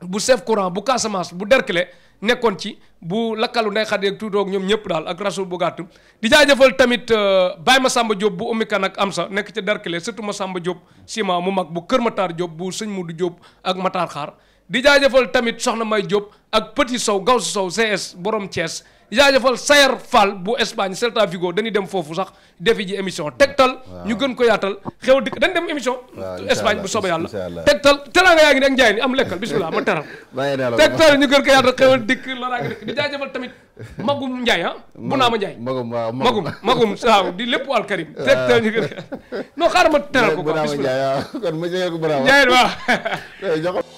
bu chef courant bu Casamance bu Derklé nekkoon ci bu lakkalu nday xat yeeg ñoom ñëpp daal ak bu gàtt di jaajëfal tamit euh, Baye Massamba Diop bu Omikan ak Amsa nekk ca Derklé surtout Massamba Diop ciment mu mag bu Kër Matar Diop bu sëñ Moudou Diop ak Matar Xaar di jaajëfal tamit soxna May Diop ak Petit Sow Gaw Sow CS borom cees di jaajëfal Sayer Fall bu Espagne Celta Vigo dañuy dem foofu sax defi ji émission tegtal ñu gën ko yaatal xew dikk dañ dem émission. Espagne bu soobee yàlla Tektal teraanga yaa ngi nekk Ndiaye ni am lekkal bisimilah ma teral. Tektal ñu gën ko yaatal xew dikk loraan dikk di jaajëfal tamit Magum Ndiaye ah. bu naa ma Ndiaye Magum waaw Magum Magum waaw di lépp al Karim. waaw Tektal ñu gën ma teral ko. bisimilah